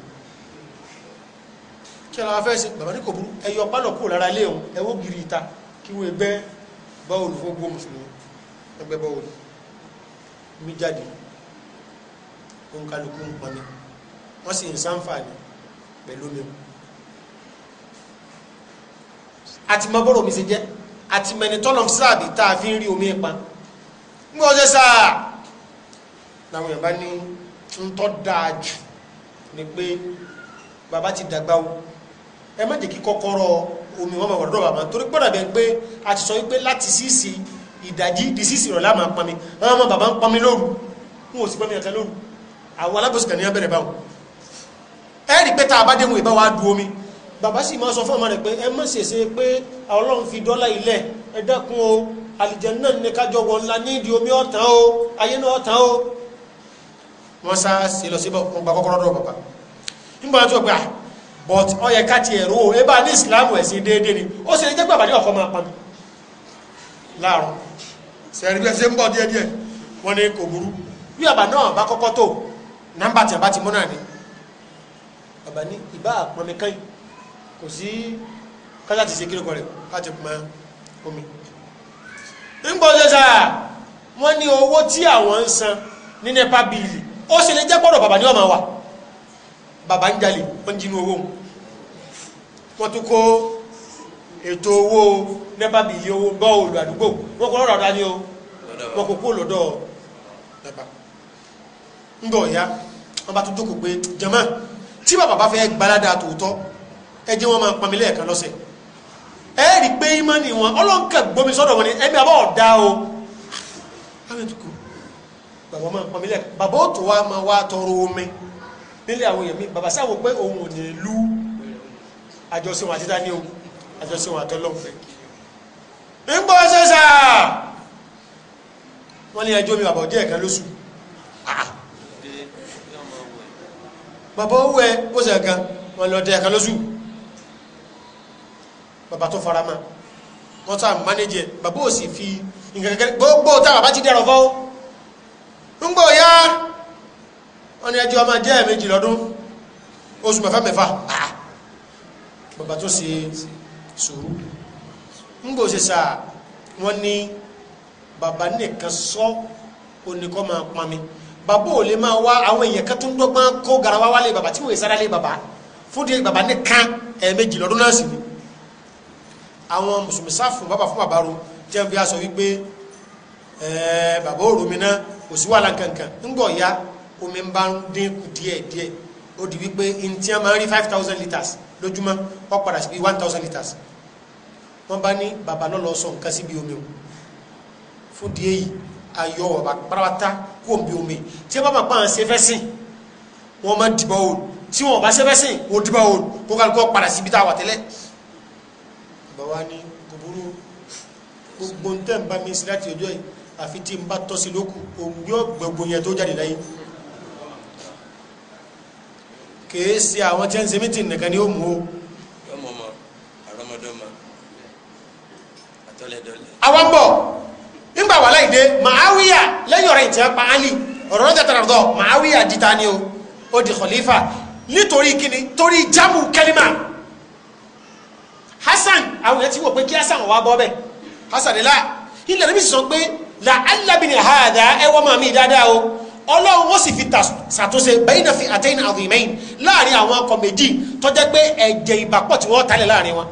kí ara fẹ́ ṣe bàbá ní kò burú ẹ yọ pálọ̀ kúrò lára ilé òun ẹ wó gírí ìta kí wọ́n gbẹ́ bọ́ọ̀lù fún gbogbo mùsùlùmí ẹgbẹ́ bọ́ọ̀lù mi jáde òun kálukú ń pọnmi wọ́n sì ń sáǹfààní pẹ̀lú mi àti mọ bọ́rọ̀ omi ṣe jẹ́ àti mẹni tọ́lọ̀ sáàbì tá a fi ń rí omi pa ń gbọ́ ṣe sáà làwọn èèyàn bá ní ń tọ́ dáa jù ni pé bàbá ti dàgbà o ẹ má jẹ́ kí kọ́kọ́rọ́ omi wọn máa wà lọ́dọ̀ bàbá torí gbọ́dọ̀ bẹ́ẹ̀ pé a ti sọ wípé láti sísì ìdajì di sísì ìrọ̀lá máa pọnmi wọn máa bàbá ń pọnmi lóru n ò sì pọnmi ọ̀tá lóru àwọn alábòsùn kàn ní báwọn ẹ̀ẹ́dì pé tá mu ìbá wa du omi bàbá sì máa sọ fún ọmọ rẹ̀ pé ẹ mọ̀ ṣèṣe pé ọlọ́run fi dọ́là ilẹ̀ ẹ dákun o àlìjẹun náà ní kájọ wọn ńlá ní ìdí omi ọ̀tàn o ayé náà ọ̀tàn o wọ́n sá sí lọ sí wọn gba kọ́kọ́rọ́ dọ̀ bàbá nígbà tó gbà but ó yẹ ká tiẹ̀ ro ẹ bá ní ìsìlámù ẹ̀ sí déédéé ni ó sì ní jẹ́ bàbá ní ọ̀kọ́ máa pa mi láàrọ̀ sẹ́rí bí ẹ ṣe ń bọ̀ díẹ̀díẹ̀ wọ́n ní kò burú bí bàbá náà bá kọ́kọ́ tó nọ́mbà tí a bá ti mú náà ni bàbá ní ìbá àpọnmi kan kò sí kájá ti ṣe kí lókọ rẹ̀ láti pọn omi nígbà ó ṣe sáà wọ́n ní owó tí àwọn ń san ní nepa bíìlì ó sì lè jẹ́ pọ̀rọ̀ bàbá ní ọmọ wa bàbá ń jalè ó ń jinú owó wọn tún kó ètò owó nepa bíìlì owó bọ́ òlù àdúgbò wọn kò lọ́dọ̀ dání o wọn kò kó lọ́dọ̀ nepa ń bọ̀ ya wọn bá tún jókòó pé jàmá tí bàbá bá fẹ́ gbalada tòótọ́ ẹ jẹ́ wọn máa pọnmi lẹ́ẹ̀kan lọ́sẹ̀ ẹ rí pé ìmánì wọn ọlọ́nkà gbomi sọ́dọ̀ wọn ni ẹni àbá ọ̀dá o alẹ́dùkú bàbá máa pọnmi lẹ́ẹ̀kan bàbá ó tó wá máa wá tọrọ omi nílé àwọn èèyàn mi bàbá sáwọn pé òun ò ní lú àjọsìn wọn àti dání o àjọsìn wọn àtọlọ́fẹ́ ń gbọ́ sẹ́sà wọ́n ní ẹjọ́ mi bàbá ọjọ́ ẹ̀kan lóṣù ah. bàbá ó wẹ ó sẹ̀ wọ́n lọ dẹ̀ ẹ̀kan lóṣù bàbá tó fara mọ́ wọ́n sá mánéjì ẹ̀ bàbá ò sì fi nǹkan kẹ́kẹ́ gbogbo tá bàbá ti dẹ̀rọ̀ fọ́ ń gbò yá wọ́n ní ẹjọ́ ọmọ jẹ́ ẹ̀mejì lọ́dún oṣù mẹ́fà mẹ́fà bàbá tó ṣe sùúrù ń gbò ṣe sáà wọ́n ní bàbá nìkan sọ oníkọ́ máa pami bàbá ò lè máa wá àwọn èèyàn kan tó ń dọ́gbọ́n kó garawa wálé bàbá tí wọ́n yẹ sára lé bàbá fúdi bàbá nìkan ẹ̀ẹ̀mejì lọ́dún náà sì ni àwọn mùsùlùmí sáfù bàbá fún bàbá ro tí wọ́n fi aṣọ wípé bàbá òrùmi náà kò sí wàhálà kankan ńgbọ̀ ya omi ń bá ń dínkù díẹ̀ díẹ̀ ó di wípé ntí wọ́n máa ń rí five thousand litres lójúmọ́ ó padà sí bí one thousand litres wọ́n bá ní bàbá lọ́lọ́ sọ nǹkan síbi omi o fún díẹ̀ yìí ayọ̀ ọ̀bà pátá kó omi omi tí wọ́n bá máa pa àwọn ṣẹfẹ́sìn wọ́n máa dìbò òòlù tí wọ́n bá ṣẹfẹ́sìn wọ́n òòlù kó kálukọ́ padà síbi tá a wà tẹ́lẹ̀ bàbá ní kò burú gbogbo ń tẹ́ ń bá mi sí láti ọjọ́ yìí àfi tí ń bá tọ́ sí lókù òun yóò gbogbo yẹn tó jáde láyé kìí ṣe àwọn tí ń ṣe mítìn nìkan ni ó mú o. yọmọ mọ bọ̀ nígbà wà láìdé màáwíyà lẹ́yìn ọ̀rẹ́ ìtì apá ali ọ̀rọ̀ náà tẹ̀tẹ̀rẹ̀ dọ̀ màáwíyà dìta ni o ó di khalifa nítorí kíni torí jámù kẹlímà àwọn yẹn ti wò pé kí hasan wà bọ́ bẹ́ẹ̀ hasan la ilẹ̀ níbi sọ pé la alábìnrin àhàdà ẹ wọ́n máa mi dáadáa o ọlọ́run ó sì fi ṣàtúnṣe bẹ́yìn náà fi àtẹ́yìn àdìmẹ́yìn láàrin àwọn ọkọ̀ méjì tó jẹ́ pé ẹ̀jẹ̀ ìbàpọ̀ tí wọ́n talẹ̀ láàrin wọn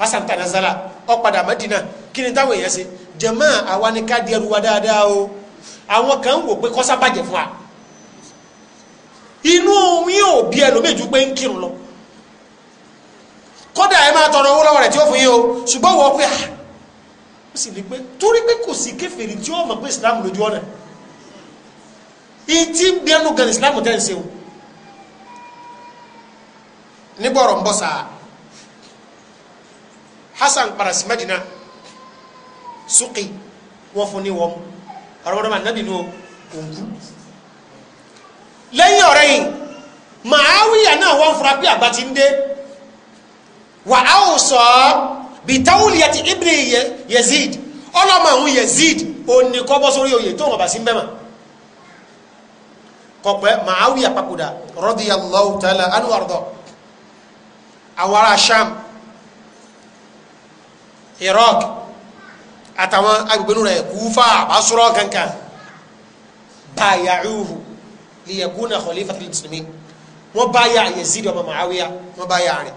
hasan tanazala ó padà Madina kí ni táwọn èèyàn ṣe jẹ̀mọ́ àwa ni ká di ẹrù wa dáadáa o àwọn kan ń wò pé kọ́sá bàjẹ́ fún wa inú mi ò bí ẹlòmíì pé ń kírun lọ kódà ẹ máa tọrọ owó lọ́wọ́ rẹ̀ tí ó fún yín o ṣùgbọ́n wọ́n pé ah ó sì lè pé torí pé kò sí kèfèrí tí ó mọ̀ pé islam lójú ọ̀nà ìtì ń bí ẹnu gan islam tẹ́ ń ṣe o nígbà ọ̀rọ̀ ń bọ̀ sáà hasan padà sí Madina wọ́n fún ní wọ́n ọ̀rọ̀ ọ̀rọ̀ nàbì ní òǹkú lẹ́yìn ọ̀rẹ́yìn màáwíyà náà wọ́n fura pé àgbà ti ń dé wà á ò sọ bìtáwùlì àti ibn Yazid ọlọ́mọ àwọn Yazid òní kọ́ bọ́ sórí oyè tó wọn bá sí mbẹ́mà kọ̀pẹ́ Muawiya papòdà radiyallahu ta'ala anhu àrùdọ̀ àwọn ará Sham Iraq àtàwọn agbègbè rẹ̀ Kúfà àbásúrọ̀ kankan báyàúhù liyakuna khalifatan lil muslimin wọ́n báyà Yazid ọmọ Muawiya wọ́n báyà rẹ̀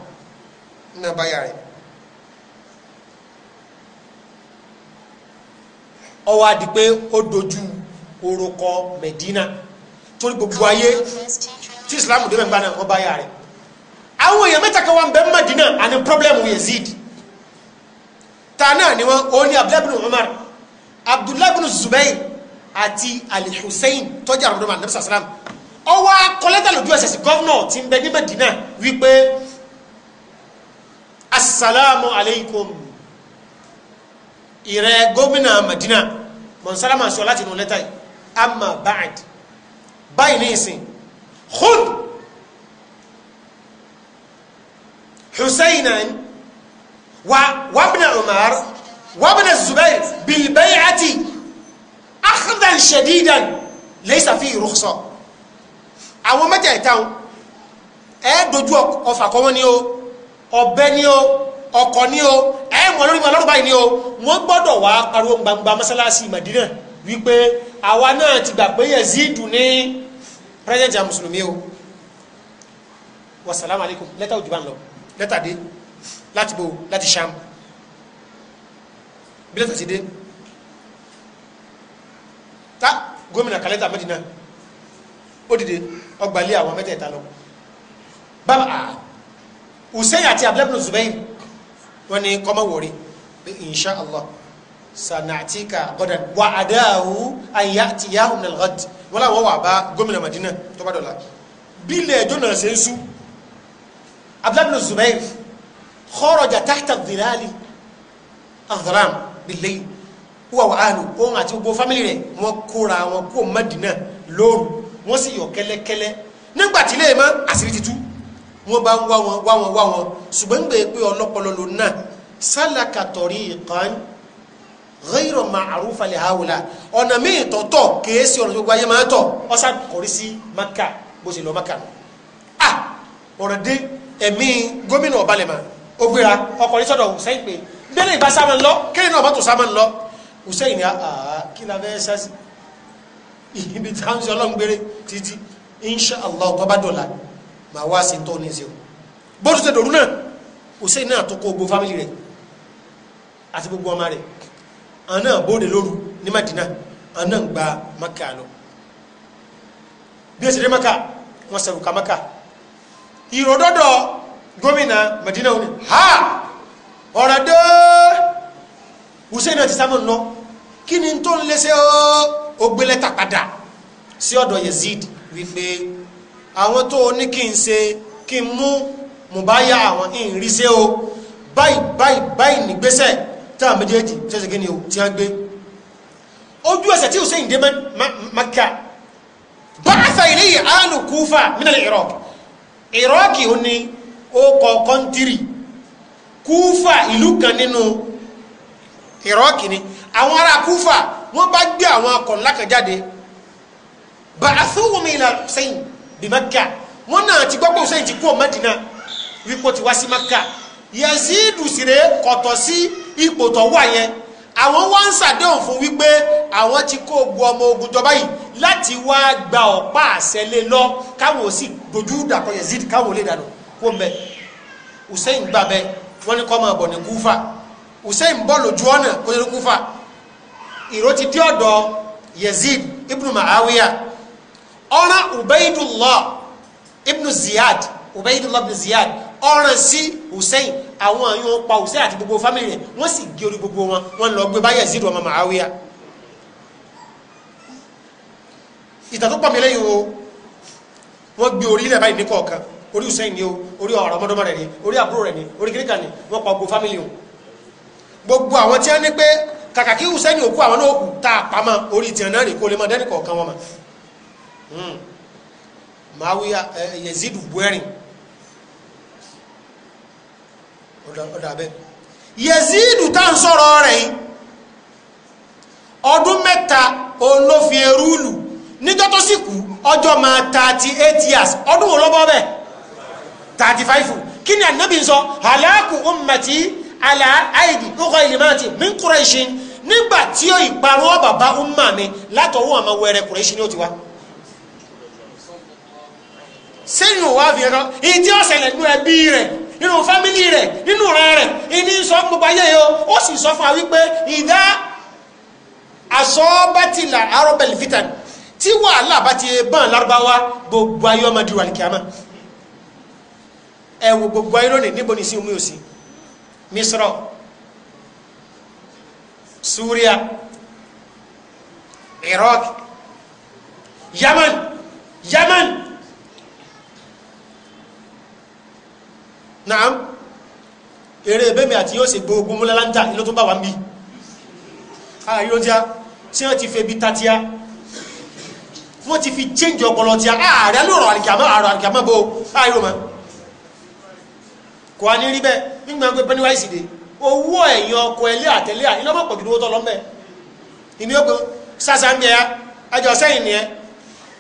na abáyà rẹ̀ ọwọ́ adi pé ó dojú orúkọ Medina torí gbogbo ayé tí Islam dé mẹ́gbà náà wọ́n báyà àwọn èèyàn mẹ́ta kan wà ń bẹ Medina àní pọ́blẹ́mù Yazid ta náà ni wọ́n ó ní Abdullahi bin Umar Abdullahi bin Zubair àti Al-Hussein tọ́jà àrùndọ́mà nàbẹ́sà sàlám ọwọ́ akọ́lẹ́tà lójú ẹ̀sẹ̀ sí gọ́vnọ̀ ti ń bẹ ní Medina wípé assalamu alaikum ìrẹ gómìnà madina mọ̀nsálàmà sọ láti inú lẹ́tà yìí amma ba'd báyìí ní ìsìn khud husainan wa wabna umar wabna zubair bilbayati akhdan shadidan laysa fi rukhsa àwọn mẹ́tẹ̀ẹ̀ta ẹ dojú ọfà kọ́ wọn ni ọ̀bẹ ni o ọkọ̀ ni o ẹ̀ẹ́mọ̀ lórí ọlọ́run báyìí ni o wọ́n gbọ́dọ̀ wá pariwo gbangba mọ́sálásí Madina wípé àwa náà ti gbà pé Yazidu ní president ya mùsùlùmí o wasalaamu aleykum lẹ́tà òjò bá ń lọ lẹ́tà dé láti bo láti Sham bí lẹ́tà ti dé ta gómìnà kàlẹ́tà Madina ó dìde ọgbàlẹ́ àwọn mẹ́tẹ̀ẹ̀ta lọ bàbá hussein àti abdullahi bin zubair wọn ni kọ́mọ wòrí insha allah sanatika gọdà wà adáhu àyà ti yahu min al-ghad wọn làwọn wà bá gómìnà madina tó bá dọ̀la bí ilẹ̀ ẹjọ́ náà ṣe ń sú abdullahi bin zubair kharaja tahta dhilali adhram bil-layl wà wà áàlù òun àti gbogbo fámìlì rẹ̀ wọ́n kóra wọn kó madina lóru wọ́n sì yọ kẹ́lẹ́kẹ́lẹ́ nígbà tí ilé ẹ̀ mọ́ ti tú wọ́n bá ń wá wọn wá wọn wá wọn ṣùgbọ́n gbé pé ọlọ́pọlọ ló náà sálàkà tariqan ghayra ma'rufa li haula ọ̀nà míì tọ̀tọ̀ kìí sí ọ̀nà tó gbáyé máa tọ̀ ọ̀sà kọ̀rí sí maka bó ṣe lọ maka a ọ̀rọ̀ dé ẹ̀mí gómìnà ọ̀balẹ̀ mà ó gbéra ọkọ̀rí sọ̀dọ̀ Hussein pé bẹ́ẹ̀ ìbá sáma lọ kéèyàn náà bá tó sáma lọ Hussein ni àá kí la fẹ́ sásì ibi táwọn ṣe ọlọ́ngbére títí insha Allah bá dọ̀la màá wá sí tọ́ ní ṣe o bó tún ṣe dòrú náà Hussein náà tó kó gbogbo fámìlì rẹ̀ àti gbogbo ọmọ rẹ̀ àwọn náà bóde lóru ní Madina àwọn gba Maka lọ bí ẹsẹ̀ dé Maka wọ́n sẹ̀rù ká Maka ìròdọ́dọ̀ gómìnà Madina òní ha ọ̀rọ̀ dé Hussein náà ti sámọ̀ nọ kí ni tó ń lé sí ó gbélé tàpadà sí ọ̀dọ̀ Yazid wípé àwọn tó ní kí n ṣe kí n mú mùbáyà àwọn ìrìnsẹ́ o báyìí báyìí báyìí nígbésẹ̀ táwọn méjèèjì tẹ́sẹ̀ kí ni o ti á gbé ojú ẹsẹ̀ tí Hussein dé Maka báàfà ilé yìí àánú Kúfà mílẹ̀ Iraq Iraq ò ní ó kọ kọ́ńtírì Kúfà ìlú kan nínú Iraq ni àwọn ará Kúfà wọ́n bá gbé àwọn akọ̀ kan jáde bàtà fún wọn mi ìlà Hussein bí maka wọn náà ti gbọ́pọ̀ sẹ́yìn ti kú ọ Madina wípé ó ti wá sí maka Yazidu sire kọ̀tọ̀ sí ipò tó wà yẹn àwọn wá ń ṣàdéhùn fún wípé àwọn ti kó gbogbo ọmọ ogun jọba yìí láti wá gba ọ̀pá àṣẹ lé lọ káwọn ò sì dojú dàkọ Yazid káwọn ò lè dànù kó mbẹ Hussein gbà bẹ wọn ni kọ́ máa bọ̀ ní Kúfà Hussein bọ́ lójú ọ̀nà kó lè Kúfà ìró ti dé ọ̀dọ̀ Yazid ibn Muawiya ọ̀ràn ubaidullah ibn ziyad ubaidullah ibn ziyad ọ̀ràn sí hussein àwọn àyàn pa hussein àti gbogbo fámìlì rẹ̀ wọ́n sì gé orí gbogbo wọn wọ́n lọ gbé bá Yazid ọmọ màáwíyà ìtàn tó pọ̀ mí lẹ́yìn o wọ́n gbé orí ilẹ̀ báyìí ní kọ̀ọ̀kan orí hussein ni o orí ọ̀rọ̀ ọmọdọ́mọ rẹ̀ ni orí àbúrò rẹ̀ ni orí kíríkà ni wọ́n pa gbogbo fámìlì o gbogbo àwọn tí wọ́n ní pé kàkà kí hussein òkú àwọn náà kù tá a pamọ́ orí tiẹ̀ náà rè kó lè mọ dẹ́nì wọn mọ́ Màáwíyà hmm. eh, Yazid Buwẹ́rìn ọ̀dà bẹ́ẹ̀ Yazid tá ń sọ̀rọ̀ ọdún mẹ́ta òun ló fi eru years ọdún wo ló bọ́ five kí ni sọ ala aidi nǹkan ìlímọ̀tì min Quraish nígbà tí ó ìparun mi àmọ́ sẹ́yìn ò wá fi ẹ̀rọ ìdí ọ̀sẹ̀lẹ̀ nínú ẹbí rẹ̀ nínú fámìlì rẹ̀ nínú rẹ̀ rẹ̀ ìdí sọ fún gbogbo ayé o ó sì sọ fún wa wípé ìdá asọ́bátìlà arọ́bẹ̀lì fitan tí wàhálà bá ti bọ́n lárúbáwá gbogbo ayé ọmọdé wà nìkìá mọ́ ẹ wo gbogbo ayé lónìí níbo ni sí omi òsì misrọ suria iraq yaman yaman naam ere ebémi àti yóò sì gbogbo múlá láńtà ló tún bá wà ń bí ayójá ah, tí wọ́n ti fi ebi tatia wọ́n ti fi change ọpọlọ tí a ah, ààrẹ lóòrọ̀ àríkàmọ́ àrọ̀ bo. bó ayò mọ́ kò á ní rí bẹ́ẹ̀ nígbà pé pennywise dé owó ẹ̀yìn ọkọ̀ ẹlẹ́ àtẹlẹ́ àìlọ́mọ̀ pọ̀ jùlọ tọ́lọ́ mẹ́ ìní ó pé sásà ń bẹ ya ajọ sẹ́yìn ni ẹ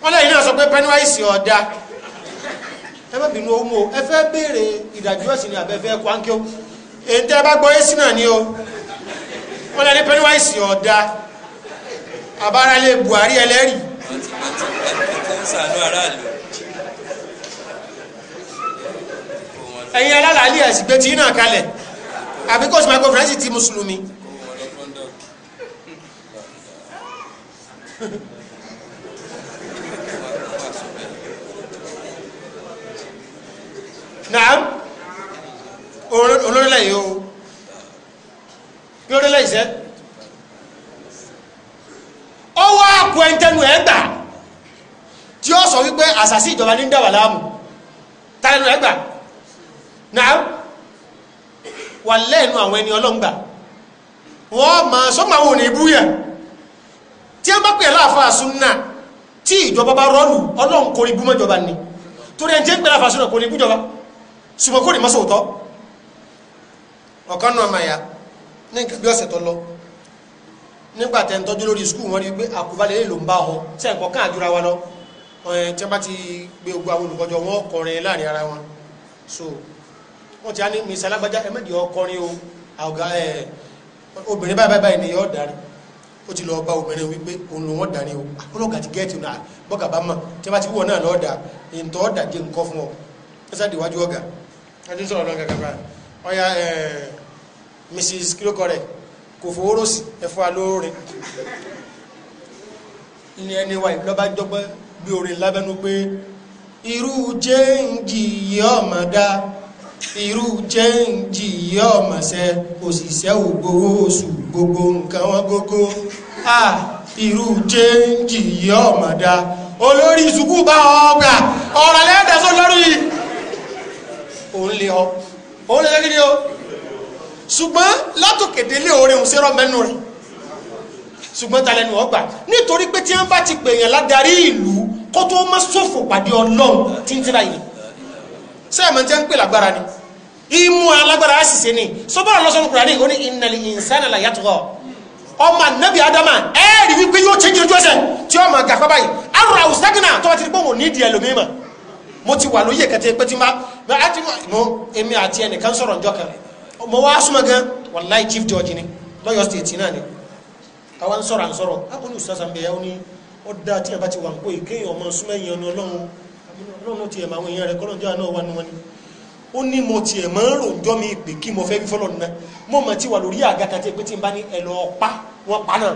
wọ́n lẹ́yìn náà sọ pé pennywise ọ̀dà ẹ má bínú owó ẹ fẹ́ béèrè ìdájọ́ ẹ̀sìn ní abẹ́fẹ́ kwankio èyí tẹ́ ẹ bá gbọ́ ẹ̀sìn náà ni o wọ́n lẹ́ni pennywise ọ̀dà àbáralé Buhari ẹlẹ́rìí. ẹ̀yin alálàálì ẹ̀sìn gbé tí iná kalẹ̀ àbí kò sí máa ti mùsùlùmí. naam olórílẹ̀ yìí o bí orílẹ̀ ìṣẹ́ ó wá kú ẹntẹnu ẹgbà tí ó sọ wípé àṣàṣì ìjọba ní dàwà láàmú tàbí ẹgbà naam wà lẹ́ẹ̀nu àwọn ẹni ọlọ́ngbà wọ́n ma sọ́mọ àwọn òní ibúyẹ̀ tí a bá pè láàfáà súnnà tí ìjọba bá rọ́lù ọlọ́nkọrí búmọ́jọba ni torí ẹni tí ń láàfáà súnnà kò ní bújọba ṣùgbọ́n kò ní mọ́sọ̀ òótọ́ ọ̀kan náà máa yá ní nǹkan bí ọ̀sẹ̀ tó lọ nígbà tẹ̀ ń tọ́jú lórí skul wọn rí pé àkúbalẹ̀ lè ń bá ọ tí ẹ̀kọ́ kàn àjúra wa lọ ọ̀hìn tí wọ́n bá ti gbé ogun àwọn olùkọ́jọ wọn kọrin láàrin ara wọn so wọ́n ti á ní misa alágbájá ẹ mẹ́jì ọkọrin o àga ẹ obìnrin báyìí báyìí ni yọ darí ó ti lọ bá obìnrin wípé òun ló wọ́n darí o àkọlọ́gà ah, ti gẹ́ẹ̀tì náà bọ́gà bá mọ̀ ẹni sọ̀rọ̀ lọ́n kankan báyìí ọ̀ya mrs kílókọ rẹ̀ kò fowó rò sí ẹ̀fọ́ alóorin ní ẹni wa ìlọ́ba dọ́gbẹ́ bí orin lábẹ́nu pé irú jẹ́ǹjì ọmọ dá irú jẹ́ǹjì ọmọ sẹ òṣìṣẹ́ ògbówó oṣù gbogbo nǹkan wọn gógó à irú jẹ́ǹjì ọmọ dá olórí ìsùkú bá ọgbà ọ̀rọ̀ lẹ́ẹ̀dẹ́sọ lórí òun lè ọ òun lè jẹ́ kíni o ṣùgbọ́n látòkèdè lé orin òun ṣerọ́ mẹ́nu rẹ̀ ṣùgbọ́n ta lẹnu ọgbà nítorí pé tí wọ́n bá ti pèèyàn ládarí ìlú kó tó má ṣòfò pàdé ọlọ́run tí ń tira yìí sẹ́ẹ̀mọ̀ tí wọ́n ń pè lágbára ni ìmú alágbára á sì ṣe ni sọ́bọ̀rọ̀ lọ́sọ̀rọ̀ Kùránì ó ní innal insana la yatgha ọmọ anabi adama ẹ̀ẹ́rì wípé yóò ṣe jẹ́ ojú ẹsẹ̀ tí ọmọ gàfọ́ báyìí arúgbó àwùsàgìnà tó wà ti rí pé òun ní ìdí ẹlòmíràn mo ti wà lóye kẹtẹ pé tí ma mẹ á ti mo èmi àti ẹnìkan sọ̀rọ̀ njọ́ kan mo wá súnmọ́ gan wàláì chief George ni lọ́yọ̀ state náà ni àwa ń sọ̀rọ̀ à ń sọ̀rọ̀ àwọn ní òṣìṣẹ́ sàmbẹ̀yà ó ní ó dá tí yẹn bá ti wà ń pè kéèyàn ọmọ súnmọ́ èèyàn ni ọlọ́run ọlọ́run ti ẹ̀mọ àwọn èèyàn rẹ̀ kọ́lọ́njọ́ àná wà ní wọn ni ó ní mo ti ẹ̀mọ ń rò njọ́ mi pé kí mo fẹ́ bí fọ́lọ́ nínú mo mọ̀ ti wà lórí àga kàtí pé tí n ẹ lọ pa wọn pa náà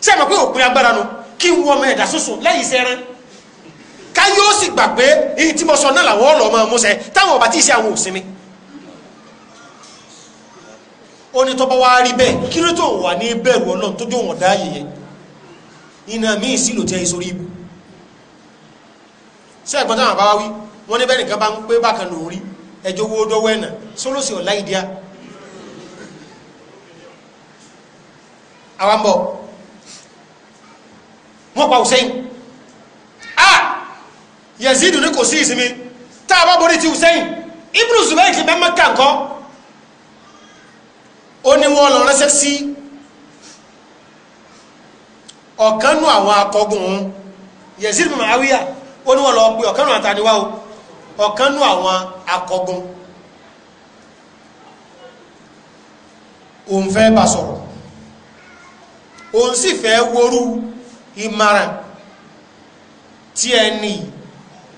sẹ́mi pé òpin agbára nu kí wọ́n mọ ẹ̀dá sọ́sọ́ lẹ́yìn sẹ́rẹ́ yóò sì gbà pé èyí tí mo sọ náà làwọn ọ̀rọ̀ máa táwọn ọba tí ì ṣe àwọn òsinmi ó ní tọ́ba wá rí bẹ́ẹ̀ kí ló tó wà ní bẹ̀rù ọlọ́run tó jó wọn dá iná míì sí lò tẹ́ ìsorí ibù sí ẹ̀gbọ́n táwọn àbáwá wí wọ́n ní bẹ́ẹ̀ nìkan bá ń pé bákan lòún rí ẹjọ́ owó dọ́wọ́ ẹ̀nà sólósì ọ̀la ìdíá àwọn bọ̀ wọ́n pa Hussein Yazidu ní kò sí ìsinmi tá a bá borí ti Hussein Ibn Zubayr ti bẹ́ mẹ́ka ńkọ́ ó ní wọ́n lọ ránṣẹ́ sí ọ̀kanú àwọn akọgun òun Yazidu bin Muawiya ó ní wọ́n lọ pe ọ̀kanú àtàníwá o ọ̀kanú àwọn akọgun òun fẹ́ bá sọ̀rọ̀ òun sì fẹ́ worú ìmàràn tí ẹni yìí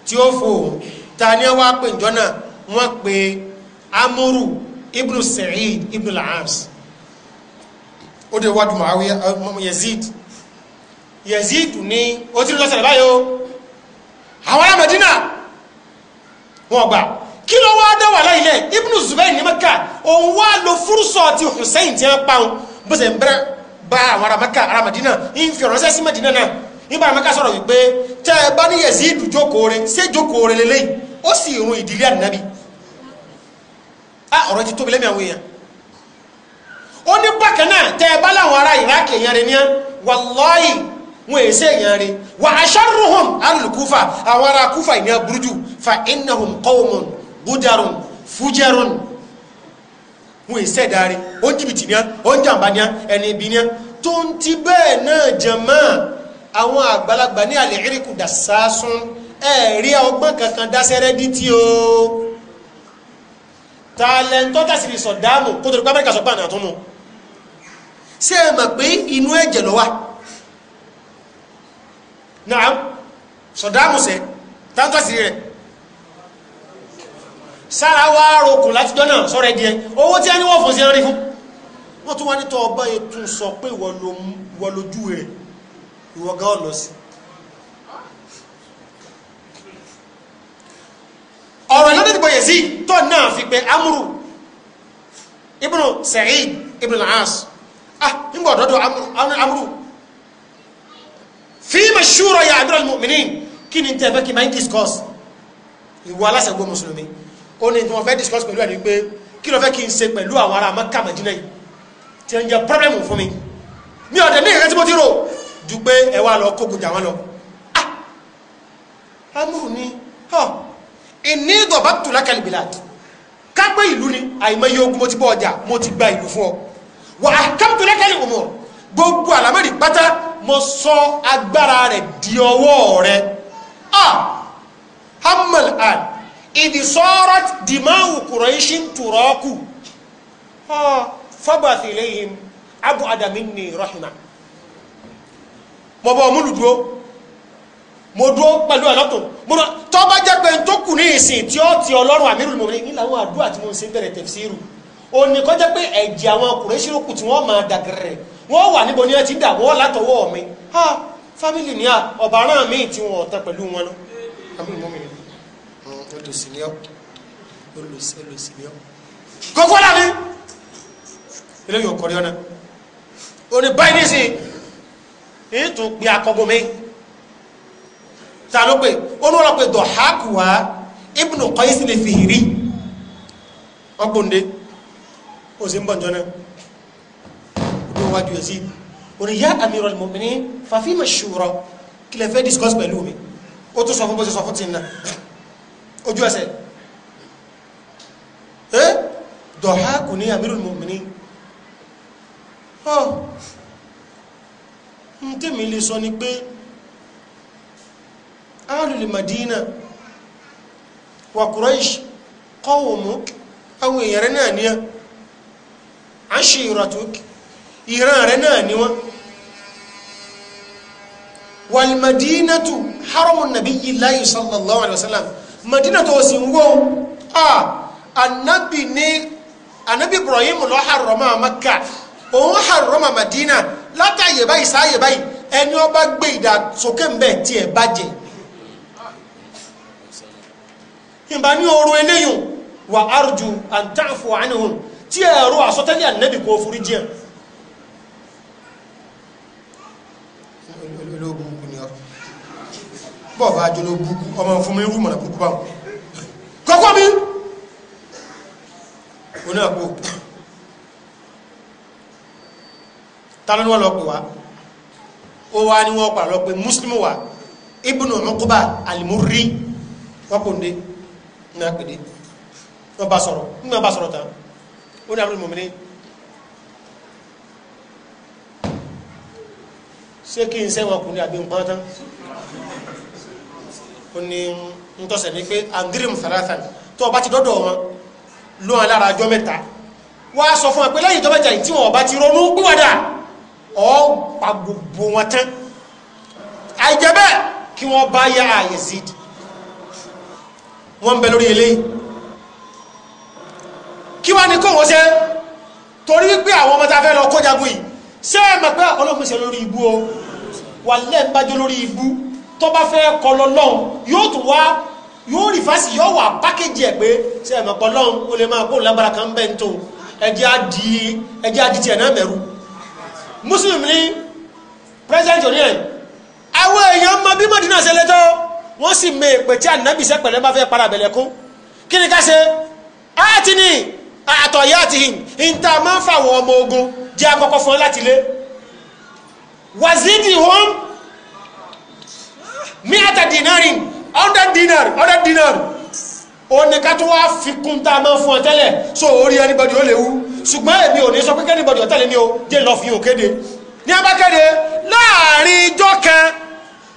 tí ó fò ta ni wọ́n pè njọ́ náà wọ́n pe amúrù ibnu sa'id ibnu al-aas ó de wádùn Muawiya eh, yazid yazid ní ó ti lọ́sẹ̀ báyìí o àwọn ará Madina wọ́n gbà kí ló wá dá wà láìlẹ̀ ibnu zubair ní maka òun wá lo fúrúsọ ti hussein ti ń pa òun bó ṣe ń bẹ̀rẹ̀ bá àwọn ará maka Madina ń fi ọ̀rọ̀ sẹ́sí Madina náà nígbà maka sọ̀rọ̀ wípé tẹ́ ẹ bá ní Yazid jókòó rẹ ṣé jókòó rẹ lélẹ́yìn ó sì run ìdílé ànábì á ọ̀rọ̀ ti tóbi lẹ́mìí àwọn èèyàn ó ní bákan náà tẹ́ ẹ bá láwọn ará Iraq èèyàn rẹ ní wàlọ́ọ̀yì wọn è ṣe èèyàn rẹ wà asharruhum alùkúfà àwọn ará kúfà ìní aburújú fa innahum qawmun budarun fujarun wọn è ṣe ẹ̀dáre ó ń jìbìtì ní ó ń jàǹbá ní ẹni ibi ní tó ń ti bẹ́ẹ̀ náà jẹ̀ àwọn àgbàlagbà ní àlè ìrìkù dàsásún ẹ rí ọgbọ́n kankan dáṣẹ́rẹ́ dí tí o tààlẹ́ntọ́ tàṣírí sọ̀dáàmù kó tó ní pàmẹ́ríkà sọ pàánà tó mú ṣé ẹ mọ̀ pé inú ẹ̀jẹ̀ ló wà náà sọ̀dáàmù sẹ́ táńtọ́ sí rẹ̀ sára wá rokùn láti dọ́nà sọ́rọ̀ ẹ̀dìẹ owó tí a ní wọ́n fún sí ẹ̀rí fún wọ́n tún wá nítọ́ ọba ètò sọ pé wọ́n lójú rẹ̀ ìwọ gan ọ̀nà sí. ọ̀rọ̀ ìlànà ìdìbò yẹ̀ sí tó náà fi pé amúrù ibnu Sa'id ibnu al ah nígbà ọ̀dọ́dọ̀ amúrù fi mashura ya amiral mu'minin kí ni tẹ́ fẹ́ kí máa ń discuss ìwọ aláṣẹ̀gbọ́ mùsùlùmí ó ní tí wọ́n fẹ́ discuss pẹ̀lú ẹni pé kí ló fẹ́ kí n ṣe pẹ̀lú àwọn ará Mẹ́kà Mẹ́dínà yìí tí ń jẹ́ problem fún mi mi ọ̀dẹ̀ ní ìrètí mo ti rò ju pé ẹ wá lọ kógun jà wọn lọ ah! amúrù ni ìní ìdọ̀bá tùlá kẹlìbìlàdì kápẹ́ ìlú ni àìmọye ogun mo ti bọ́ ọjà mo ti gba ìlú fún ọ wà á kápẹ́ lẹ́kẹ́lì òmò gbogbo àlámọ́rì pátá mo sọ agbára rẹ̀ di ọwọ́ rẹ̀ a ah! hamal al ìdí sọ́ọ́rọ́ dìmáwù kùrọ̀ ah! iṣẹ́ ń tùrọ́ kù fọ́bàtì lẹ́yìn abu adamu ní rahima mo bọ́ ọmúlù dúró mo dúró pẹ̀lú ẹ̀lọ́tò mo rọ tó bá jẹ́ pé tó kù ní ìsìn tí ó ti ọlọ́run àmírù mòmìnir ní làwọn àdúrà tí mo ń ṣe bẹ̀rẹ̀ tẹ̀fsíìrù ó ní kọ́ jẹ́ pé ẹ̀jẹ̀ àwọn ọkùnrin ṣírùkù tí wọ́n máa dàgẹ̀rẹ̀ wọ́n wà níbo ni ẹ ti dà wọ́n látọwọ́ mi ha fámìlì ní à ọ̀bà aráàn míì tí wọ́n ọ̀tá pẹ̀lú wọn náà àmírù mòmìnir hmm, olùsìn ni ọ́ olùsìn ni ọ́ kókó lábí eléyìí ọkọ̀ rí ọ náà ó ní báyìí nísìnyí ètò pé akọgbọ́n mi ta ló pé olóòrán pé dọ̀hákù wá ibùnú kọ́ yìí sì lè fi hìrí ọgbọ̀nde ó sì ń bọ̀ jọ́nà ó wájú ẹ̀ sí orí yá amiral mu'minin fàfihàn ṣùrọ̀ kí lè fẹ́ discuss pẹ̀lú mi ó tún sọ fún bó ṣe sọ fún ti ń ojú ẹsẹ̀ dọ̀hákù ní amiral mu'minin ń tèmi lè sọ ni pé alùlù Madina wà Quraish qawmu àwọn èèyàn rẹ náà níyà ashiratuk ìran rẹ náà ni wọn wàlmàdínàtù haramun nabiyyi Allahi sallallahu alaihi wasallam madina tó sì ń wó a anabi ní anabi Ibrahim ló harrama òun harrama Madina látàyè báyìí sáàyè báyìí ẹni ọba gbé ìdà sókè ń bẹ̀ tí ẹ bàjẹ́ ìbá ní oru eléyìn wà arjù àǹtàfò àníhùn tí ẹ̀rọ àsọtẹ́lẹ̀ ànẹ́bì kò fúrí jẹ́ bọ́ọ̀bá ajọ́lọ búkú ọmọ fún mi rú mọ̀nà búkú báwọn kọ́kọ́ mi oní àpò ta ló ní wọ́n lọ pè wá ó wá ní wọ́n padà lọ pé muslimu wa ibnu Uqba al-Murri wọ́n kò ndé ní apèdè wọ́n bá sọ̀rọ̀ nígbà bá sọ̀rọ̀ tán ó ní amúlùmọ̀ mi ní ṣé kí n sẹ́wọ̀n kù ní àbí nǹkan tán ó ní ntọ́sẹ̀ ní pé andrim thalathan tó o bá ti dọ́dọ̀ wọn lóhàn lára ọjọ́ mẹ́ta wàá sọ fún wa pé lẹ́yìn ìjọba jà tí wọn ọba ti ronú gbúwàdà ọ pa gbogbo wọn tán àìjẹ́ bẹ́ẹ̀ kí wọ́n bá yá Yazid wọ́n ń bẹ lórí eléyìí kí wọ́n ní kóhùn ṣe torí pé àwọn ọmọ tá a fẹ́ lọ kó jagun yìí ṣé ẹ mọ̀ pé ọlọ́pàá ṣe lórí ibú o wà lẹ́ẹ̀bájọ́ lórí ibú tó bá fẹ́ kọ lọ lọ́hùn yóò tún wá yóò rí fásì yóò wà pákéjì ẹ̀ pé ṣé ẹ mọ̀ pọ̀ lọ́hùn ó lè máa kó lágbára kan bẹ́ẹ̀ tó ẹjẹ́ á di ẹjẹ́ di tiẹ̀ náà mẹ́rù muslim ní president orí ẹ̀ àwọn èèyàn mọ bí mọ̀dínà ṣe lẹ́tọ́ wọ́n sì mẹ èpè tí ànábì sẹ́ pẹ̀lẹ́ bá fẹ́ para bẹ̀lẹ̀ kún kí ni ká ṣe áàtì ni àtọ̀yá àti ìta máa ń fàwọn ọmọ ogun jẹ́ àkọ́kọ́ fún ọ láti lé wazidi hom mi ata dinari hundred dinar hundred dinar òun ni ká fi kún tá a máa fún ọ tẹ́lẹ̀ so orí anybody ó lè wú ṣùgbọ́n èmi ò ní sọ pé kẹ́nìbọ̀dì ọ̀tẹ́lẹ̀ mi ò jẹ́ lọ fi òkéde ní abákẹ́rẹ láàrin ijọ́ kan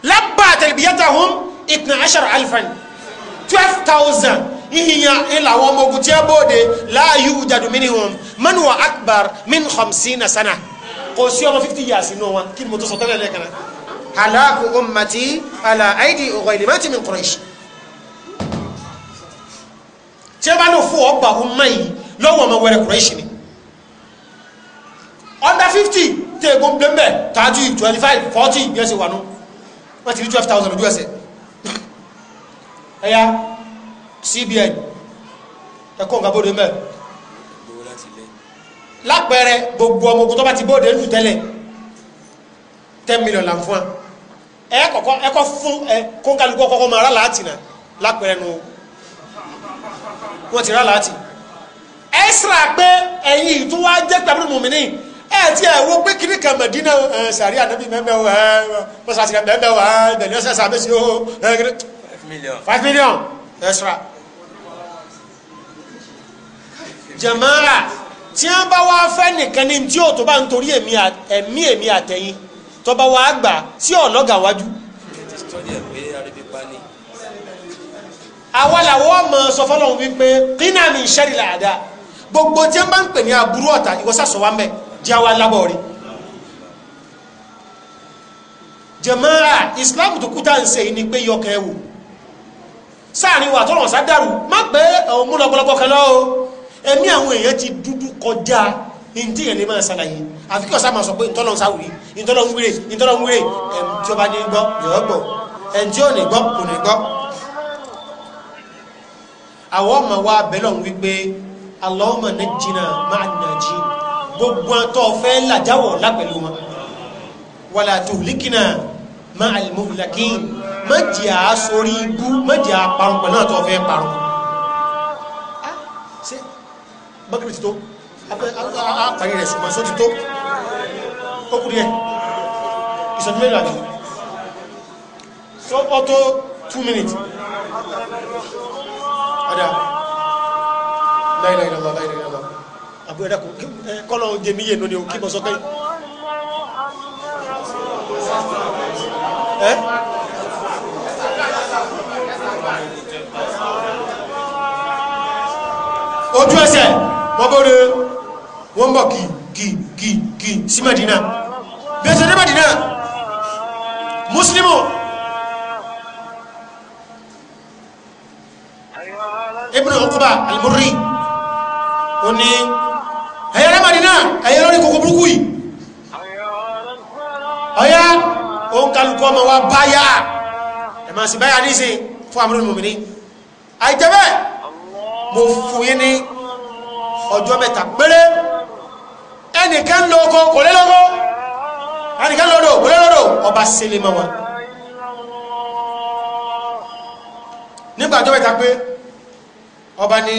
lábà àtẹ̀lẹ̀bíyàtà hùn ìtìnà àṣàrà alifan twelve thousand ìhìyàn ìlàwọ̀ ọmọ ogun tí a bóde láàyè ìjàdù mí nìhun man wa akbar min khamsina sana kò sí ọmọ fifty years inú wọn kí ni mo tó sọ tẹ́lẹ̀ lẹ́ẹ̀kan náà halaku ummati ala aidi ghayrimati min quraish tí a bá lọ fún ọgbà ọmọ yìí lọ́wọ́ ọmọ wẹrẹ quraish ni under fifty tẹ egun pẹ́ńpẹ́ thirty twenty five forty bí ẹ ṣe wà nù wọ́n ti rí twelve thousand ojú ẹsẹ̀ ẹ̀yà cbn ẹ̀kọ́ nǹkan bóde mẹ́ lápẹẹrẹ gbogbo ọmọ ogun tó bá ti bóde lù tẹ́lẹ̀ ten million là ń fún wa ẹ kọ̀kọ́ ẹ kọ́ fún ẹ kó kálukú kọ́kọ́ máa rà láàtì náà lápẹẹrẹ nu wọ́n ti rà láàtì ẹ̀sìrà pé ẹ̀yin ìtúwá jẹ́ pẹ̀lú mùmíní ẹ ti pé kíní kan Mẹdínà sàrí ànábì mẹ́mẹ́ o ẹ mọ́sálásí kan mẹ́mẹ́ o ẹ bẹ̀rẹ̀ ọ̀sẹ̀ sàbẹ̀sì o five million five million extra. jamaa tí wọn bá wá fẹ́ nìkan ní tí o tó bá ń torí ẹ̀mí ẹ̀mí àtẹ̀yìn tó wa wá gbà sí ọ̀lọ́gà wájú. àwa làwọn ọmọ sọ fọlọ́run wípé kí náà mi ń ṣẹ́rìlà àdá gbogbo tí wọn bá ń pè ní aburú ọ̀tá ìwọ sàṣọ wa mẹ́ẹ̀ jáwá lábọ̀ rí jàmáà islam tó kú tá à ń ṣe ni pé yọkẹ́ ẹ̀wò sáàrin wà tọ́lọ̀ sá dàrú má pé àwọn múlọpọlọpọ kan lọ́wọ́ ẹ̀mí àwọn èèyàn ti dúdú kọjá ntí yẹn lè máa ṣàlàyé àfi kí ọ̀sá máa sọ pé ntọ́lọ̀ ń sáwùrí ntọ́lọ̀ ń wúre ntọ́lọ̀ ń wúre ẹ̀ńjọba ní gbọ́ yọ̀ọ́ gbọ́ ẹ̀ńjọ́ ní gbọ́ kò ní gbọ́ àwọn ọmọ wa bẹ̀lọ̀ wípé Allahumma najjina ma'an najin gbogbo àtọ́ fẹ́ làjáwọ̀ lápẹ̀lú wọn wàlà tuhlikina ma'al muhlakin má jẹ́ à sórí ibú má jẹ́ à parun pẹ̀lú àtọ́ fẹ́ parun. Ah, ṣé bákìrì ti tó àpàrí rẹ̀ ṣùgbọ́n só ti tó ó kú díẹ̀ ìṣẹ́jú mẹ́rin àjò so auto two minutes ọ̀dà láìláìlọ́lá láìláìlọ́lá àbú ẹ̀dá kò kọ́lọ̀ oúnjẹ mi yé nu ni o kí mo sọ kẹ́yìn. ojú ẹsẹ̀ wọ́n bọ́ de wọ́n bọ̀ kì kì kì kì sí Madina bí Madina muslimu ibn Uqba al-Murri ẹ̀yẹ na náà ẹ̀yẹ lórí kòkó burúkú yìí ọ̀yá o ń kálukọ́ ọmọ wa báyà ẹ̀mà sí báyà ní sí fún àmúrò mòmìnì àìjẹ́bẹ́ mo fún yín ní ọjọ́ mẹ́ta péré ẹnìkan lọ́kọ́ kò lé lọ́kọ́ ẹnìkan lọ́dọ̀ kò lé lọ́dọ̀ ọba sílé mọ́ wọn nígbà ọjọ́ mẹ́ta pé ọba ní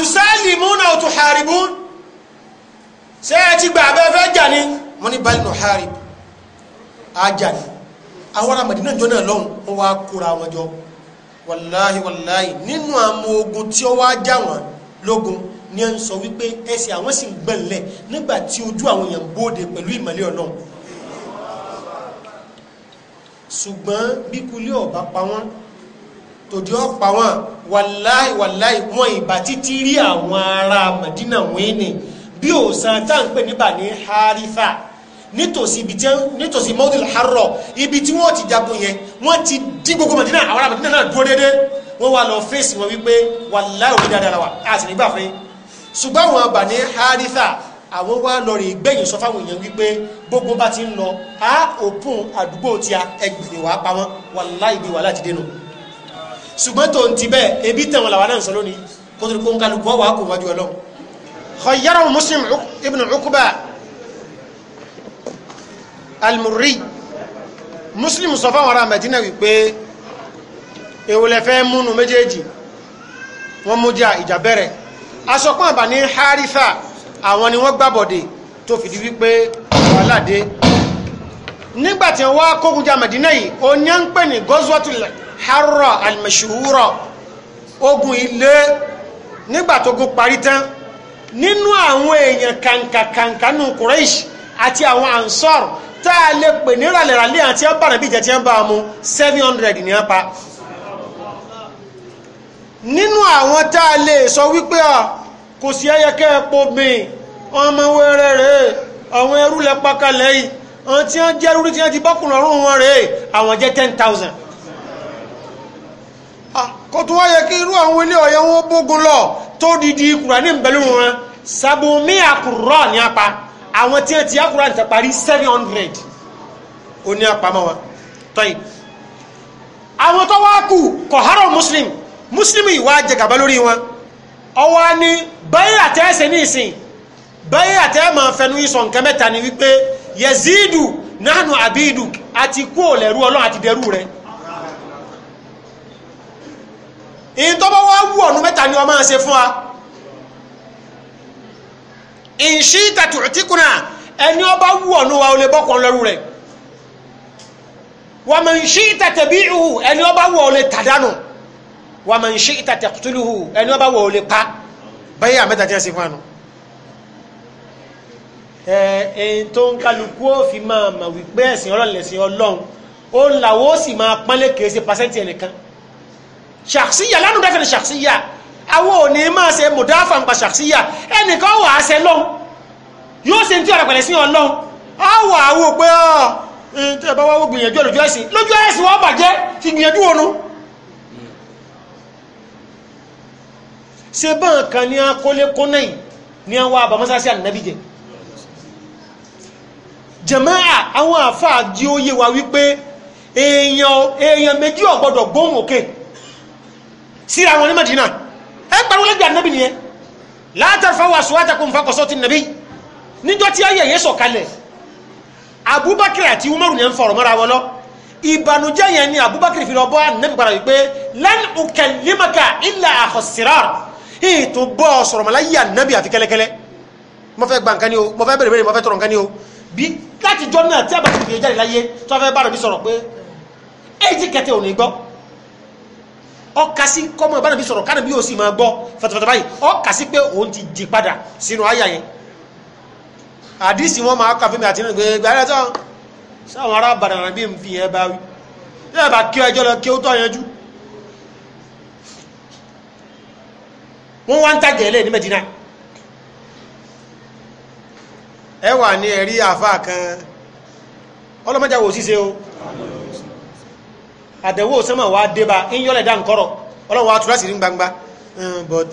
àtùsálìmúnà òtù haribun ṣé ẹ ti gbà abẹ́ fẹ́ jà ní mo ní báyìí nù harib ajá ni àwọn ará Mádínà jọ náà lọ́hùn wọn wá kóra wọn jọ wàláhì wàláhì nínú àwọn ogun tí ó wá já wọn lógun ni ẹ ń sọ wípé ẹsẹ̀ àwọn sì ń gbẹ̀lẹ̀ nígbà tí ojú àwọn èèyàn bóde pẹ̀lú ìmọ́lẹ̀ Ọlọ́run ṣùgbọ́n bí kulé ọba pa wọ́n tòdí ọ̀pá wọn wàláì wàláì wọn ìbá títí rí àwọn ará Madina wọ́n ni bí òsàn tá à ń pè níbà ní harifa nítòsí ibi tí nítòsí mọ́tìlì harrọ̀ ibi tí wọ́n ti jagun yẹn wọ́n ti dí gbogbo Madina àwọn ará Madina náà dúró déédéé wọ́n wá lọ fèsì wọn wípé wàláì òbí dáadáa wa àti nígbà fún yín ṣùgbọ́n àwọn àbà ní harifa àwọn wá lọ rè gbẹ̀yìn sọ fáwọn èèyàn wípé gbogbo bá ti ń lọ á òpin àdúgbò tí a ẹgbẹ̀rẹ̀ wá pa wọ́n wàláì bí wàhálà ti dénú ṣùgbọ́n tó ń ti bẹ́ẹ̀ ebi tẹ̀ wala làwọn náà sọ lónìí kó tó kó ń kalu bọ́ wàá kó wájú ọlọ́run. khayyarahu muslim ibn ukuba almurri muslim sọ fáwọn ará madina wípé èwo lẹ fẹ́ múnu méjèèjì wọ́n mú jà ìjà bẹ̀rẹ̀ asọ̀pọ̀ àbá ní haritha àwọn ni wọ́n gbàbọ̀dé tó fìdí wípé wàhálà dé nígbàtí wọ́n wá kógun jà madina yìí oníyàn ń pè ní harra almashhura ogun ilé nígbà tó gun parí tán nínú àwọn èèyàn kàǹkàkàǹkà nù Quraysh àti àwọn ansar tá a lè pè ní ràlẹ̀ràlẹ̀ àti ẹ̀bàrà bíjẹ̀ tí wọ́n bá mu seven hundred ní apá nínú àwọn tá a lè sọ wípé à kò sí ẹyẹkẹ́ epo bìn ọmọ wẹ́rẹ́ rẹ̀ àwọn ẹrú lẹ́pàá kalẹ̀ yìí àwọn tí wọ́n jẹ́ rúrí tí wọ́n ti bọ́kùnrin ọ̀rùn wọn rẹ̀ àwọn jẹ́ ten thousand kó tún wá yẹ kí irú àwọn ilé ọ̀yẹ́ wọn bógun lọ tó dìdí kùránì ìbẹ̀lú wọn sàbùnmí àkùrọ̀ ní apá àwọn tí wọ́n ti àkùrọ̀ seven hundred ó ní apamọ́ wọn tọ́yì àwọn tó wá kù kọ̀ hárọ̀ muslim muslim yìí wá jẹ gàba lórí wọn ọwọ́ á ní bẹ́ẹ̀ àtẹ́sẹ̀ ní ìsìn bẹ́ẹ̀ àtẹ́ máa fẹnu ìsọ̀ nǹkan mẹ́ta ni wípé yẹ̀zídù nánú àbídù àti kú òlẹ̀rú ọlọ́run àti dẹrú rẹ̀ ìtọ́bọ̀ wá wù ọ̀nù mẹ́ta ni wọ́n máa ṣe fún wa ìṣí tàtù tìkùnà ẹni ọba wù ọ̀nù wa ò lè bọ́kàn lọ́rù rẹ̀ wà mà ń ṣí ìtàtẹ̀bí ìhù ẹni ọba wù ọ̀ lè tàdánù wà mà ń ṣí ìtàtẹ̀kùtùlùhù ẹni ọba wù ọ̀ pa báyìí àmẹ́ta tí wọ́n ṣe fún wa nù ẹ̀ẹ́n tó ń kálukú ó fi máa mà wípé ẹ̀sìn ọlọ́ọ̀lẹ̀sìn ọlọ́run ó làwọ́ sì máa pánlé kèé ṣàkṣíyà lánàá dáfẹ́ ni ṣàkṣíyà àwọn ò ní máa ṣe mùdáfà ń pa ṣàkṣíyà ẹnìkan wà á ṣe lọ́hùn yóò ṣe tí ọ̀rọ̀ pẹ̀lẹ́ sí ọlọ́hùn á wà á wò pé ọ́ ah, eh, tẹ́ ẹ bá wá wò gbìyànjú ẹ̀ lójú ẹ̀sìn lójú ẹ̀sìn wọ́n bàjẹ́ ti gbìyànjú ònu. ṣe báwọn kan jẹ̀máà àwọn àfáà jí ó yé wa wípé èèyàn méjì ò gbóhùn òkè. Okay síra wọn ní Madina ẹ pariwo lẹ́gbẹ̀ẹ́ anabi nìyẹn la tarfa'u aswatakum fawqa sawti nabi níjọ́ tí ayẹyẹ sọ̀kalẹ̀ Abubakar àti Umaru ni ẹ ń fọ̀rọ̀ mọ́ra wọn lọ ìbànújẹ́ yẹn ni Abubakar fi lọ bọ́ anabi gbara wípé lan ukallimaka illa akhasirar ètò bọ́ sọ̀rọ̀mọ́lá yí anabi àfi kẹ́lẹ́kẹ́lẹ́ mo fẹ́ gba nǹkan ni o mo fẹ́ bèrè bèrè mo fẹ́ tọrọ nǹkan ni o bí láti jọ náà tí abàtì ìgbìyànjú jáde láyé tó fẹ́ bá rẹ̀ bí sọ̀rọ̀ pé èyí ti kẹtẹ ò gbọ́ ọkasi kọmọ bánabi sọ̀rọ̀ kánabi yóò sì máa gbọ́ fatafata báyìí ọkasi pé òun ti di padà sínú àyà yẹn àdìsí wọn máa kàfé mi àti nínú gbẹgbẹ ayé tán sáwọn ará bàdànà bí n fi yẹn bá wí yóò bá kí ẹjọ́ lọ kí ó tọ́ yẹn jú wọ́n wá ń tàjẹ́ lé ní Mẹ́dínà ẹ wà ní ẹ̀rí àfa kan ọlọ́mọdé àwọn o àdẹ̀wò sẹ́mọ̀ wá dé bá ń yọ́lẹ̀ dá nkọ́rọ̀ ọlọ́run wa túrásì ní gbangba but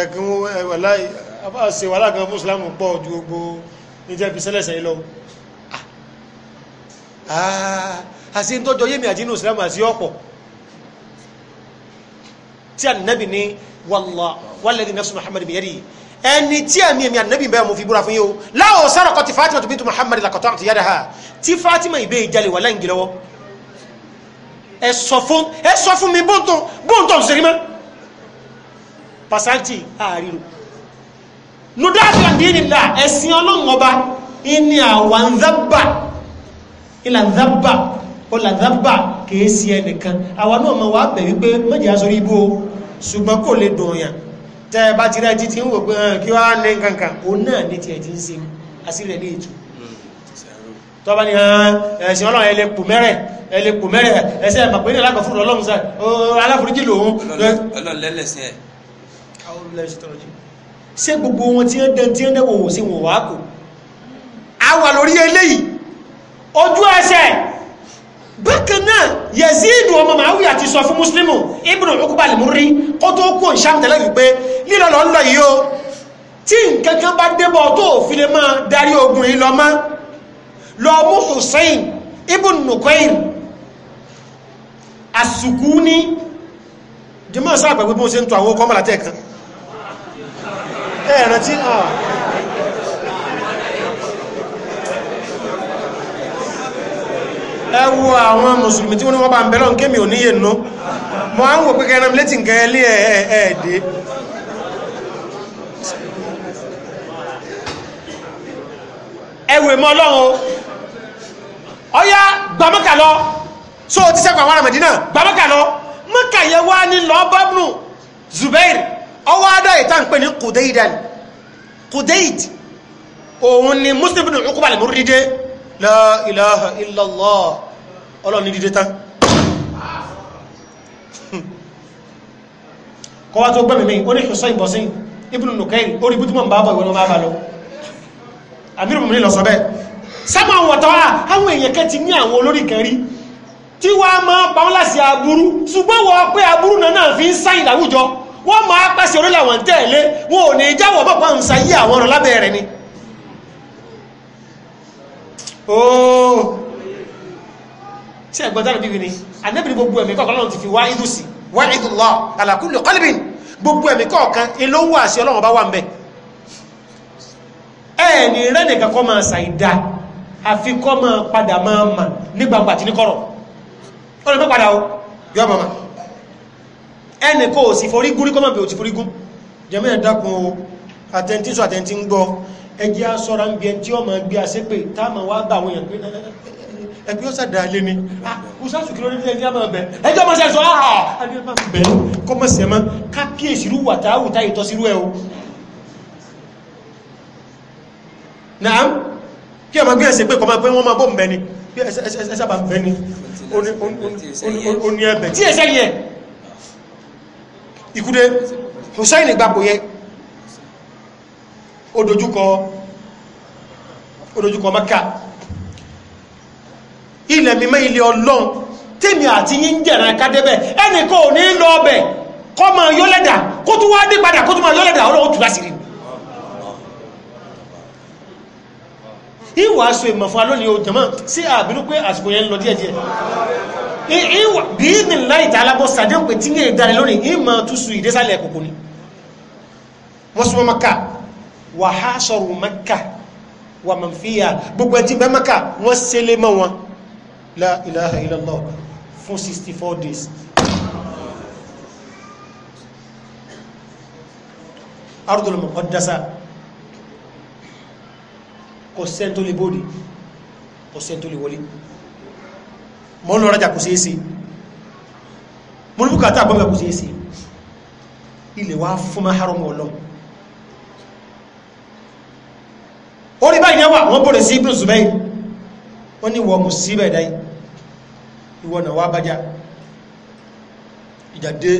ẹ̀kún wàlá ṣe gan fún islam pọ̀ ju gbogbo níjẹ́ fi sẹ́lẹ̀sẹ̀ yìí lọ. Ah, ah, àti ń tọ́jọ yémi àti inú islam àti ọ̀pọ̀ tí ànábì ní wàlá wàlẹ́dì nafsu muhammad biyẹ́rì ẹni tí àmì èmi ànábì bẹ́ẹ̀ mo fi búra fún yìí o láwọn sọ̀rọ̀ kọ́ ti fatima tó bí tu muhammad lakọ̀tọ́ àti yàrá ha tí fatima ìbéè jalè wà láyìn ẹ sọ fún ẹ sọ fún mi bóńtọ̀ bóńtọ̀ ṣe rí mọ́ pàṣántì àárínú nùdáàbí àdínìlá ẹ̀sìn ọlọ́run ọba ìní àwọn nzábà ìlà nzábà ọlà nzábà kìí sí ẹnìkan àwọn náà máa wà bẹ̀ wípé méjì aṣọ ibú o ṣùgbọ́n kò lè dùn yàn tẹ́ ẹ bá ti rẹ́ títí ń wò pé kí wọ́n ní kankan òun náà ní tiẹ̀ ti ń se àsìrẹ̀ ní ètò hmm. tọ́ba ni ẹ̀sìn ọlọ́run ẹ̀ lè pò mẹ́rẹ̀ ẹlẹ́kù mẹ́rẹ̀ ẹsẹ́ ẹ̀màpẹ́ ní alákọ̀ọ́ fún ọlọ́run sáà aláforíjì lòun ọlọ́lẹ́lẹ́sẹ̀ ẹ̀ ṣé gbogbo wọn tí ń dẹn tí ń dẹwò wò sí wọn wá kò a wà lórí eléyìí ojú ẹsẹ̀ bákan náà Yazidu ọmọ màáwí àti sọ fún Muslimu ibùdó òkúba lèmúrí kó tó kó ìṣàmù tẹ́lẹ̀ wípé lílọ lọ ń lọ yìí o tí nǹkan kan bá débọ̀ tó fi lè máa darí ogun yìí lọ mọ́ lọ mú Hussein ibùdó nùkọ́yìn àsùkúní jẹmọ́ sáàpẹ̀ pé bí wọ́n ṣe ń tọ àwọn ọkọ̀ mọ́lá tẹ́ẹ̀kan ẹ̀rẹ̀ tí à ẹ wo àwọn mùsùlùmí tí wọ́n ní wọ́n bá ń bẹ̀rẹ̀ ń kémi ò níyè nú mọ́ á ń wò pé kẹrin létí nǹkan ẹlé ẹ̀ẹ́dẹ́ ẹwẹ̀ mọ́ ọlọ́run ọyá gbàmọ́kà lọ so o ti sẹ́kọ̀ àwọn aramẹ̀dínà gbàmọ́kà lọ mọ́kà yẹn wá ní lọ́ọ́ bábùnù Zubair ọwọ́ adá ìta ń pè ní kùdéìdán kùdéìd òun ni Muslim bin Uqba lẹ́mú dídé la ilaha illallah ọlọ́run ní dídé tán kọ́wá tó gbẹ́mìí mi ó ní Hussein bọ̀sìn ibùdó nùkẹ́yìn ó rí bútùmọ̀ ń bá bọ̀ ìwé ló bá bá lọ àmì ìrùmọ̀ mi lọ sọ bẹ́ẹ̀ sábà àwọn ọ̀tọ́ àwọn èèyàn kẹ́ ti ní àwọn olórí kan tí wọ́n máa bá wọn láti aburú ṣùgbọ́n wọ́n pé aburú náà fi ń sáyìn láwùjọ wọ́n máa pàṣẹ orí làwọn tẹ̀lé wọn ò ní jáwọ́ bọ̀ pa ń sayé àwọn ọ̀rọ̀ lábẹ́ rẹ̀ ni. ooo tí ẹ̀gbọ́n dára bíbí ni anábìrin gbogbo ẹ̀mí kọ̀ọ̀kan lọ́run ti fi wá idú sí wá idú lọ ala kulli qalbin gbogbo ẹ̀mí kọ̀ọ̀kan elówó àṣẹ ọlọ́run bá wà ń bẹ̀. ẹ̀ẹ̀ni rẹ́nìkan kọ́ máa ṣàìdá àfikọ́ máa padà máa mà nígbàgbà tí ní kọ̀rọ̀ ọ̀nà mẹ́padà o yọ mama ẹni kò sì forí gún rí kọ́mọ̀ bí o ti forí gún jẹ́mẹ́ ẹ̀dàkùn o àtẹ́ntí sọ àtẹ́ntí ń gbọ́ ẹjẹ́ asọ́ra ń bí ẹn tí ọmọ gbé asépè táàmà wá gbà àwọn èèyàn pé ẹgbẹ́ ó sàdá lé ní kùsàsù kí ló ní ẹjẹ́ máa bẹ̀ ẹjọ́ máa sẹ́sọ áhà ẹjẹ́ máa bẹ̀ kọ́mọ̀ sẹ́mọ́ kápíyèsí rú wàtáwùtá ìtọ́sírú ẹ̀ o náà kí ọmọ gbé ẹsẹ̀ pé kọ́mọ pé wọ́n máa bọ́ mbẹ́ni ẹsẹ̀ bá mbẹ́ni oni ní ẹ̀bẹ̀ tí èsẹ́ yẹ ìkúdé Hussein gbapò yẹ ó dojúkọ ó dojúkọ Mẹ́kà ilẹ̀ mímọ́ ilẹ̀ ọlọ́run tèmi àti yí ń jẹ̀rẹ̀ kádẹ́bẹ̀ ẹnìkan ò ní lọ ọbẹ̀ kọ́ máa yọ́lẹ̀dà kó tún wá dé padà kó tún máa yọ́lẹ̀dà ọlọ́run tù lásìrì ìwà aṣọ ìmọ̀fà lónìí òjòmọ́ sí àbínú pé àsìkò yẹn lọ díẹ̀ díẹ̀ ìwà bí ní láì tààlábọ̀ sàdéhùn pé tí ní ìdarí lónìí ìmọ̀ túsù ìdésàlẹ̀ kòkò ni wọ́n súnmọ́ maka wà há sọ̀rọ̀ maka wà mọ̀ fi yà gbogbo ẹjí bẹ́ maka wọ́n sẹ́lẹ̀ mọ́ wọn la ilaha illallah days ardul muqaddasa ọ̀sẹ̀ tó lè bóde ọ̀sẹ̀ tó lè wọlé mọ́ ń lọ rájà kò ṣeéṣe mọ́ ní bùkátà gbọ́mọ̀ kò ṣeéṣe ilẹ̀ wá fún máa hárọ̀ mọ́ ọlọ́run orí báyìí wà wọ́n bóde sí ibùn zùmẹ́ wọ́n ní wọ́n mú sí ibẹ̀ dáyìí ìwọ̀n náà wá bájá ìjàdé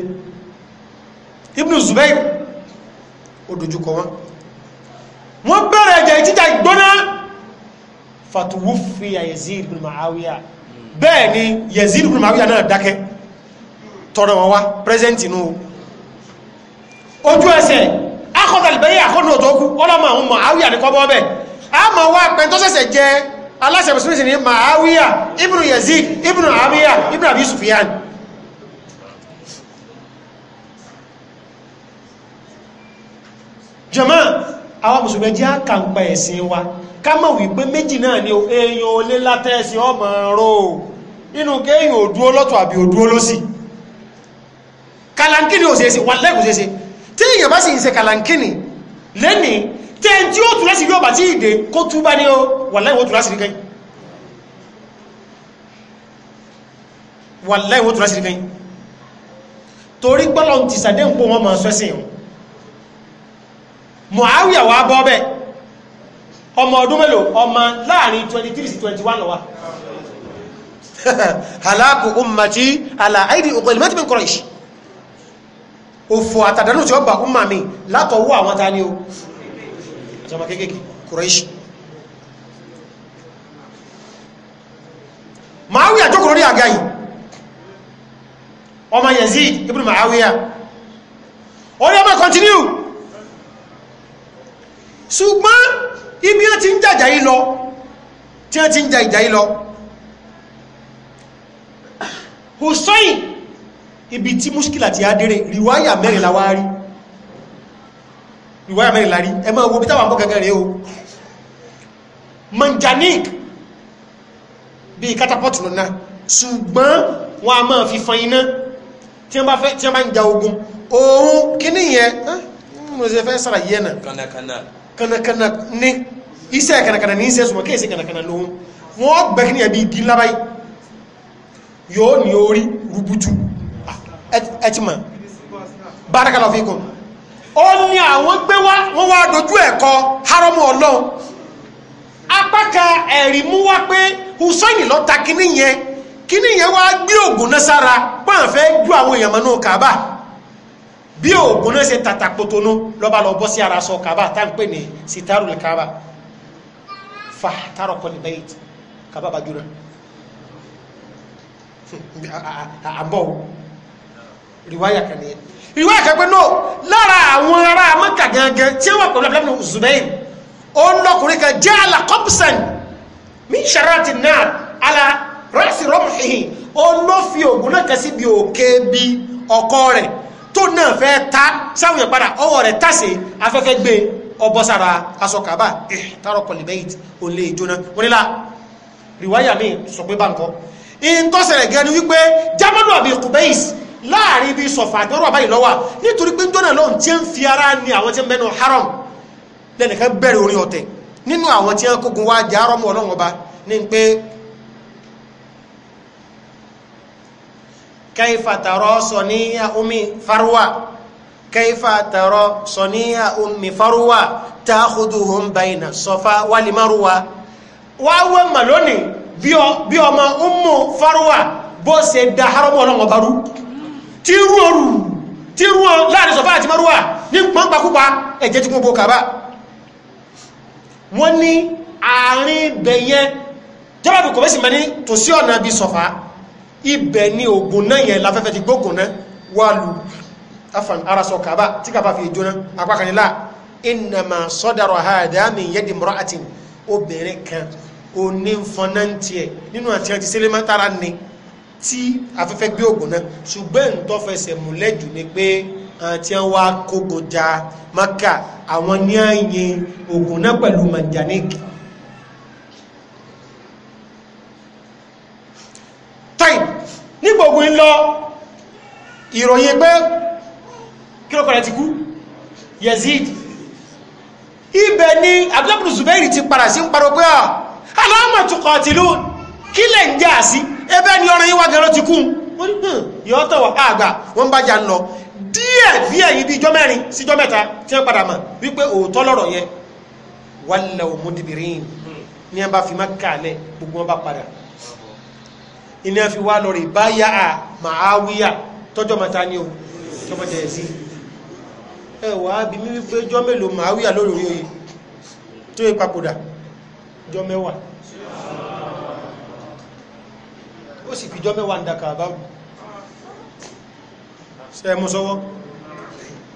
ibùn zùmẹ́ ó dojúkọ wọn wọ́n bẹ̀rẹ̀ ẹ̀jẹ̀ ìtìjà ìgbóná fàtúwúfìyà Yazid ibn Muawiya bẹ́ẹ̀ ni Yazid ibn Muawiya náà dákẹ́ tọ̀rọ̀ wọn wá pẹ́sẹ̀ntì nù ojú ẹsẹ̀ akọ́tàlìbẹ̀yẹ àkọ́nà tó kú ọlọ́mọ àwọn Muawiya ní kọ́bọ́ bẹ́ẹ̀ a mọ̀ wá pẹ́ntọ́sẹ̀sẹ̀ jẹ aláṣẹ mùsùlùmí ní Muawiya ibn Yazid ibn Muawiya ibn Abi Sufyan Jama àwọn mùsùlùmí jẹ́ àkàǹpa ẹ̀sìn wa ká mọ̀ wípé méjì náà ni èèyàn olé látẹ́ẹ̀sì ọmọ ọ̀rọ̀ inú kéèyàn òdúó lọ́tọ̀ àbí òdúó lọ́sì kàlàǹkìní ò ṣeéṣe wà lẹ́kùn ṣeéṣe tí èèyàn bá sì ń ṣe kàlàǹkìní lẹ́ni tẹ́ ẹ tí ó tún lẹ́sìn bí ọba tí ìdè kó tú bá ní ó wà láìwó tún lásìrí kẹ́yìn wà láìwó tún lásìrí kẹ́yìn torí gbọ́lọ́ ti sàdé ń pò wọn mọ̀ sọ́sìn Muawiya wà bọ́ bẹ́ẹ̀ ọmọ ọdún mélòó ọmọ láàrin 23 sí 21 lọ́wọ́ halaku ummati ala aidi ọ̀pẹ̀lú mẹ́tí min Quraish òfò àtàdánù tí ó bà umma mi látọwọ́ àwọn ta ni o jama kéèkéèkì Quraish Muawiya jókòó lórí àga yìí ọmọ Yazid ibn Muawiya ọmọ continue ṣùgbọ́n ibi wọ́n ti ń jàjà yìí lọ tí wọ́n ti ń jà ìjà yìí lọ Hussein ibi tí muskila ti adere riwaya mẹ́rin la wá rí riwaya mẹ́rin la rí ẹ máa wo bí táwọn àbọ̀ gẹ́gẹ́ rẹ̀ o manjanik bíi katapọ́tù lọ́nà ṣùgbọ́n wọn a máa fi fan iná tí wọ́n bá fẹ́ tí wọ́n bá ń ja ogun òun kíní yẹn mo fẹ́ sára yẹn náà kànàkànà ní iṣẹ́ kànàkànà ní iṣẹ́ súnmọ́ kéèsì kànàkànà lóhun wọ́n gbẹ̀kí ní ẹ̀bí igi lábáyì yóò ní orí rúbújú ah, ẹtìmọ̀ bárakàlọ̀ fi kún ó ní àwọn gbé wá wọ́n wá dojú ẹ̀kọ́ haramu ọlọ́run apáka ẹ̀rí mú wá pé hùsọ́yìn lọ ta kíní yẹn kíní yẹn wá gbé ògùn náà sára pọ́n fẹ́ ju àwọn èèyàn mọ́nú kàbá bí oògùn náà ṣe tàtàkpótónú lọ́ba lọ bọ́ sí ara sọ kaba tá n pè ní sitarul kaba fa tarọ kọlì bẹ́yìt kaba bá jóná àbọ̀ riwaya kan nìyẹn riwaya kan pé no lára àwọn ará mọ́kà gangan tí wọ́n pẹ̀lú abúlé zubair ó ń lọkùnrin kan jẹ́ àlà kọ́pùsàn min sharati náà àlà rẹ́sì rọ́mùhìn ó lọ́ fi oògùn náà kan síbi òkè bí ọkọ rẹ̀ tó náà fẹ́ ta sáwọn yẹn padà ọwọ́ rẹ̀ tàṣe afẹ́fẹ́ gbé ọbọ̀ sára aṣọ kàbá ẹ̀ tààrọ̀ kọlìbẹ́yìt ò lè jóná wọn nílá rìwáyà mi sọ pé báńkọ́ in tó ṣẹlẹ̀ gẹ́ ni wípé jámọ́dù àbí kùbẹ́yìs láàrin ibi sọ̀fà àdọ́rọ̀ àbáyìí lọ́wà nítorí pé jọ́nà lóhun tí ń fi ara ní àwọn tí ń bẹnu haram lẹ́nìkan bẹ̀rẹ̀ orin ọ̀tẹ̀ nínú àwọn tí ń kógun wá jẹ́ arọ́mù ọlọ́run ní pé كيف ترى صنيع أم فروة كيف ترى صنيع أم فروة تأخذهم بين الصفا والمروة wáwọ́ mà lónìí bí ọmọ ọmọ faruwa bó ṣe da haramu ọlọ́wọ́ barú tí rú orù tí rú ọ láàrin sọfá àti maruwa ní pọ́npakúpa ẹ̀jẹ̀ tí kún bó kàbá wọ́n ní àárín bẹ̀yẹn jọ́bàbù kò mẹ́sì mẹ́ ní tòsí ọ̀nà bí sọfá ibẹ̀ ni ogun náà yẹn lafẹ́fẹ́ ti gbógun náà wà lù afan arasọ kaba tí kaba fi jóná apákanilá innama sọ́dọ̀rọ̀ hadha min yadi imra'atin obìnrin kan onífọ́nántiẹ̀ nínú àti àti sẹ́lẹ̀mátara ni tí afẹ́fẹ́ gbé ogun náà ṣùgbọ́n tó fẹsẹ̀ múlẹ̀jù ni pé àti àwọn akógojà maka àwọn ní àyè ogun náà pẹ̀lú manjanik fine ní gbogbo ń lọ ìròyìn pé kílòkọ̀rẹ̀ ti kú Yazid ibẹ̀ ni abdullahi zubairi ti padà sí ń parọ́ pé ah, aláàmà tó kọ̀ tìlú kí lẹ̀ ń jà sí ẹbẹ́ ni ọ̀rọ̀ yíwá gẹ̀rọ ti kú hmm, yọ́tọ̀ wà àgbà wọ́n bá jà ń lọ díẹ̀ bí ẹ̀yìn bí ijọ́ mẹ́rin sí ijọ́ mẹ́ta tí wọ́n padà mọ̀ wípé òótọ́ lọ́rọ̀ yẹ wàlẹ̀ òmùdìbìrín hmm. ni wọ́n bá fi má kàálẹ̀ gbogbo wọn padà iná fi wá lọ rí báyà à màáwíyà tọ́jọ́ mata ní o tọ́mọ jẹ́ sí ẹ wà á bí mi wípé jọ́ mélòó màáwíyà lórí oyè tó yẹ papòdà jọ́ mẹ́wàá ó sì fi jọ́ mẹ́wàá ń dàkà àbáwù ṣe mú sọ́wọ́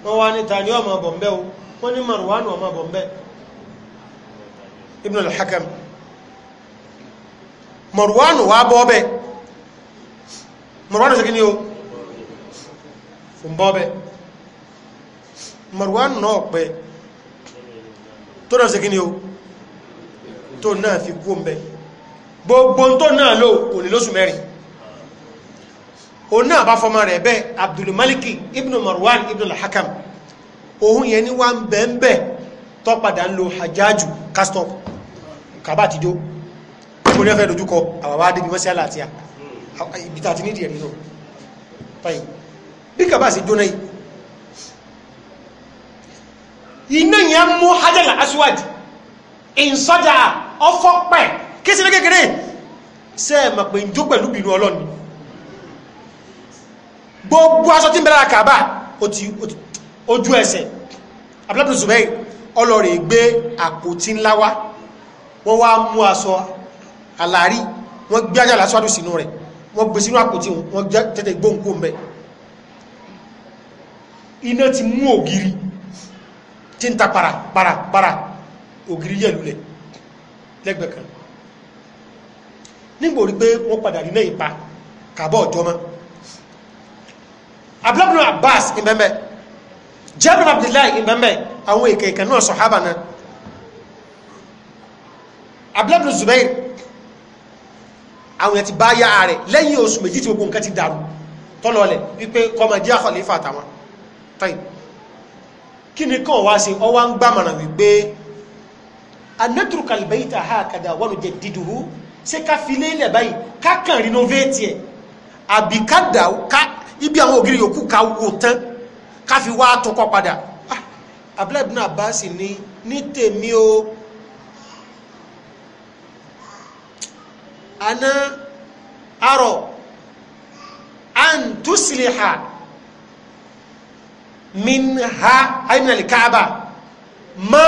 wọ́n wá níta ní ọmọ bọ̀m̀bẹ́ o wọ́n ní Marwan ọmọ bọ̀m̀bẹ́ Ibn al-Hakam Marwan wa bọ́ bẹ́ẹ̀ Marwan ṣe kí ni o fún bọ́ọ̀bẹ̀ marwanu náà pẹ tó náà ṣe kí ni o tó náà fi kú ọmọbẹ̀ gbogbo tó náà lò kò ní lóṣù mẹ́rin òun náà bá fọmọ rẹ̀ bẹ́ abdulmaliki ibn marwan ibn al-hakam ohun yẹn ni wá ń bẹ̀ ń bẹ̀ tó padà ń lo hajjájú kastop kàbátidó kò ní ọ̀fẹ́ dojúkọ àwàwá débi mọ́sí àlàáfíà ibi tá a ti nídìí ẹ̀ nínú báyìí bí kàbá sí jóná yìí iná yẹn mú hajjala aswadi ìsọjà ọfọ́ pẹ̀ kí sí ní kékeré sẹ́ẹ̀mà pé njó pẹ̀lú bínú ọlọ́ni gbogbo aṣọ tí ń bẹ̀rẹ̀ àkàbà ojú ẹsẹ̀ abúlátò zùmẹ́ ọlọ́rẹ̀ gbé àpótí ńlá wá wọ́n wá mú aṣọ àlàrí wọ́n gbé ajá lásọ́dù sínú rẹ̀ wọ́n gbé sínú àpótí wọ́n tẹ́tẹ̀ gbóǹkó mẹ́ iná ti mú ògiri tí ń ta para para para ògiri yẹ̀ lulẹ̀ lẹ́gbẹ̀ẹ́ kan nígbò rí pé wọ́n padà rí náà ipa kàbọ̀ ọ̀jọ́ mọ́ abúlábùnú abbas ìbẹ̀mẹ̀ Jabir abdullahi ìbẹ̀mẹ̀ àwọn èkè ìkànnà sọ̀hábà náà abúlábùnú zubair àwọn yẹn ti bá yá rẹ̀ lẹ́yìn oṣù méjì tí gbogbo nǹkan ti dàrú tọ́lọ̀ọ̀lẹ̀ wípé kọmọ jẹ́ àkọlífà àtàwọn tọ́yì kí ni kàn wá sí ọwá ń gbàmọ̀ràn wípé anẹ́tùrùkàlì bẹ́yì tà á kàdà wọ́n jẹ dídùú ṣé ká fi lélẹ̀ báyìí ká kàn rinovétì أنا أرى أن تسلح منها أي من الكعبة ما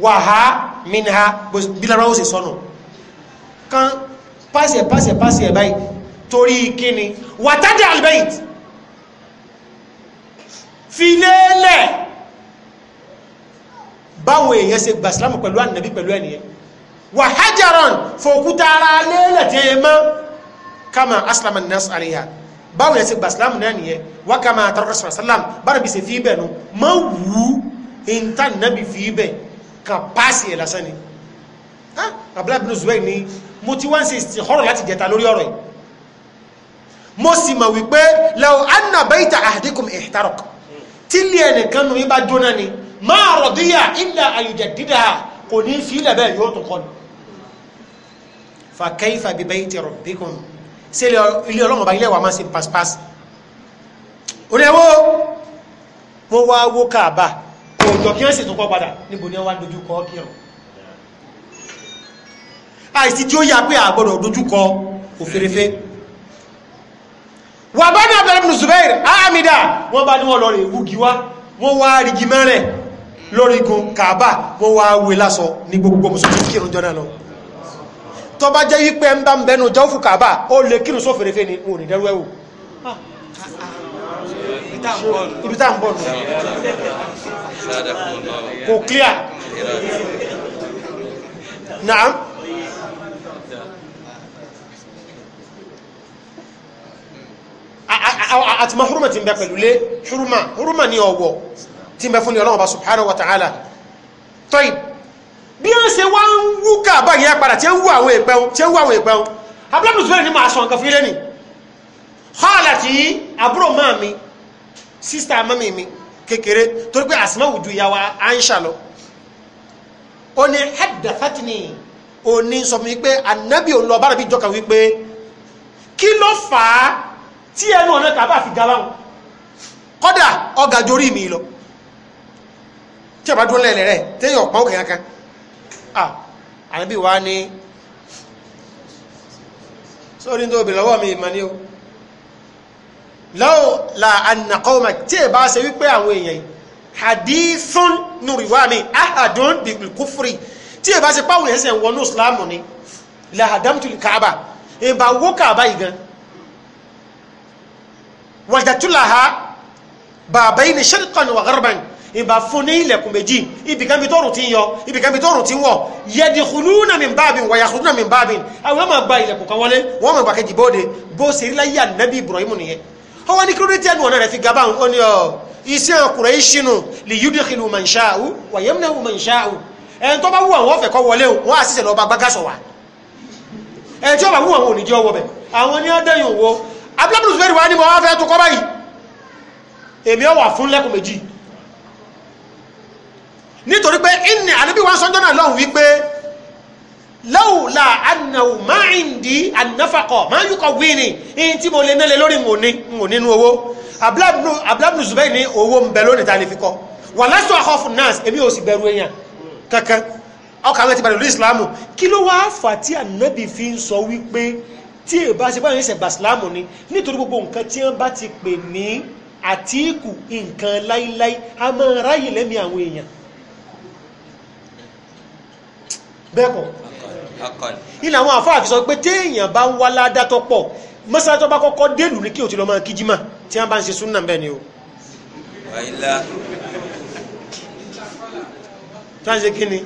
وها منها بلا راوس سنو كان باسي باسي باسي باي torí kíni wàtádà albait filélẹ̀ báwọn èèyàn ṣe gbàsílámù pẹ̀lú ànàbí pẹ̀lú ẹniyẹn wà hajaran fòkúta ara lélẹ̀ tí ẹ mọ́ kama aslam an-nas alayha báwọn ẹ̀sìn gbàsílámù náà nìyẹn wà kama tọrọkọ sọ̀rọ̀ sálàm bára bí ṣe fi bẹ̀ nu mọ́ wù ú ìntàn nábì fi bẹ̀ ka paasi ẹ̀ lásán ni ah abdullahi bin zubair ni mo ti wá ń ṣe ìhọ́rọ̀ láti jẹta lórí ọ̀rọ̀ yìí mo sì mọ̀ wípé law anna bayta ahadikum ihtaraq tílé ẹnìkan nù yín bá jóná ni ma radiya illa an yujaddida kò ní fi ilẹ̀ bẹ́ẹ̀ yóò tún kọ́ ni fa kaifa bi bayti rabbikum ṣé ilé ọlọ́mọba ilé wa máa ṣe paspas oníyàwó wọ́n wá wó káàbà òjò kí wọ́n sì tún kọ́ padà níbo ni wọ́n wá dojú kọ kírun àìsí tí ó yà pé àgbọ̀dọ̀ dojú kọ òfèrèfé wà bá ní abẹ́rẹ́ ibn Zubair ahamida wọ́n bá ní wọ́n lọ rẹ̀ wúgi wá wọ́n wá rigi mẹ́rẹ̀ lórí igun kàbà wọ́n wá wé lásọ ní gbogbo mùsùlùmí kírun jọ náà lọ tó bá jẹ́ wípé ń bá ń bẹnu jọ́ fún kàbà ó lè kírun sófèrèfé ni wọn ò ní dẹ́rú ẹ̀wò ibi tá ń bọ̀ nù kò clear naam àti ma huruma ti ń bẹ pẹ̀lú lé huruma huruma ni ti ń bẹ fún ni ọlọ́wọ́ bá subhanahu wa ta'ala tọ́yìn bí wọ́n ṣe wá ń wú kàbá yẹn padà tí ń wú àwọn èèpẹ̀ tí ń wú àwọn èèpẹ̀ abúlé zubairu ni màá sọ nǹkan fún ilé ni hall àti àbúrò máa mi sísítà mọ́mí mi kékeré torí pé àsìmọ́ òjú ìyá wa à ń ṣàlọ́ ó ní haddathatni ó ní sọ mi pé anabi òun lọ bára bí jọka wípé kí ló fà á tí ẹnu ọ̀nà kàbá fi ga báwọn kọ́dà ọ̀gá mi lọ tí a bá dún lẹ́lẹ̀ rẹ̀ téèyàn kankan à ànábì wa ní sórí tó obìnrin lọ́wọ́ mi ìmọ̀ ni o law la anna qawma tí ẹ bá ṣe wípé àwọn èèyàn hadithun nùrìwá mi ahadun bil kufri tí ẹ bá ṣe pàwọn èèyàn ṣe wọnú islam ni la hadamtu kaaba ìbá wó kaaba yìí gan wàjàtúlàhà bàbá yìí ni sharqan wa gharban ìbá fún ní ilẹ̀kùn méjì ibìkan bí tóòrùn ti ń yọ ibìkan bí tóòrùn ti ń wọ̀ yadkhuluna min babin wa yakhrujuna min babin àwọn ọmọ gba ilẹ̀kùn kan wọlé wọ́n mọ̀ gbàkejì bóde bó ṣe rí láyé ànábì Ibrahim nìyẹn ọwọ́ ní kí ló dé tí ẹnu rẹ̀ fi gaba ó ní iṣẹ́ ọkùnrin ìṣinu li yudkhilu man sha'u wa yamna'u man sha'u ẹni tó bá wù àwọn ọ̀fẹ́ kọ́ wọlé wọn àṣìṣe lọ́ọ́ bá gbágásọ̀ wá ẹni tí ó bá wù àwọn òníjẹ́ ọwọ́ bẹ̀ àwọn ní ọdẹ́yìn òwò abúlábùrù fẹ́ẹ́ wa ni mo wá fẹ́ tó kọ́ báyìí èmi ọ̀wà fún lẹ́kùn méjì nítorí pé ìní ànábì wọn sọ́jọ́ náà lọ́hùn wípé lawla annahu ma indi annafaqa ma yuqawwini ní tí mo lè nílé lórí ń wò nínú owó abúlábùnú zubair ní owó ń bẹ lónìí ta ni fi kọ́ wà lásìkò akọ́fù nas èmi ò sì bẹ̀rù èèyàn kankan ọkọ̀ àwọn ti bẹ̀rẹ̀ lórí ìsìlámù kí ló wá fà tí ànábì fi ń sọ wípé tí èyí bá ṣe báyìí ń ṣẹ̀gbà ìsìlámù ni nítorí gbogbo nǹkan tí wọ́n bá ti pè ní àtíkù nǹkan láíláí a máa ráyè lẹ́mìí àwọn èèyàn bẹ́ẹ̀kọ́ ilẹ̀ àwọn àfáà fi sọ pé téèyàn bá ń wá ládàtọ̀ pọ̀ mọ́sálásọ́ bá kọ́kọ́ délù ní kí o ti lọ máa kíjímà tí wọ́n bá ń ṣe súnà bẹ́ẹ̀ ni o tánṣe kí ni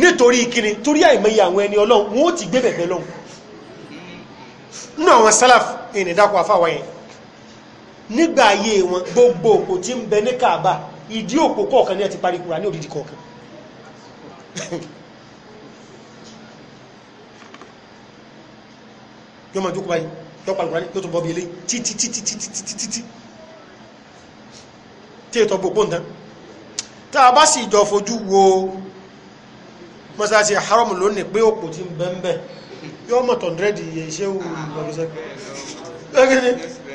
nítorí kíni torí àìmọye àwọn ẹni ọlọ́run wọ́n ti gbé bẹ̀bẹ̀ lọ́hùn nínú àwọn sálàf ìnìdákọ̀ àfáwà yẹn nígbà ayé wọn gbogbo òpó tí ń bẹ ní Kaaba ìdí òpó kọ̀ọ̀kan ní ẹ ti parí kura ní òdìdí kọ̀ọ̀kan yóò máa jókòó báyìí yóò parí kura yóò tún bọ́ bí ilé títí títí títí títí títí tí ètò gbogbo ń tán tá a bá sì jọ fojú wo mọ́sáàsì haram lónìí pé òpó tí ń bẹ ń bẹ yóò mọ̀ tọ̀ndrẹ́dì iye iṣẹ́ òun lọ́gbẹ́sẹ̀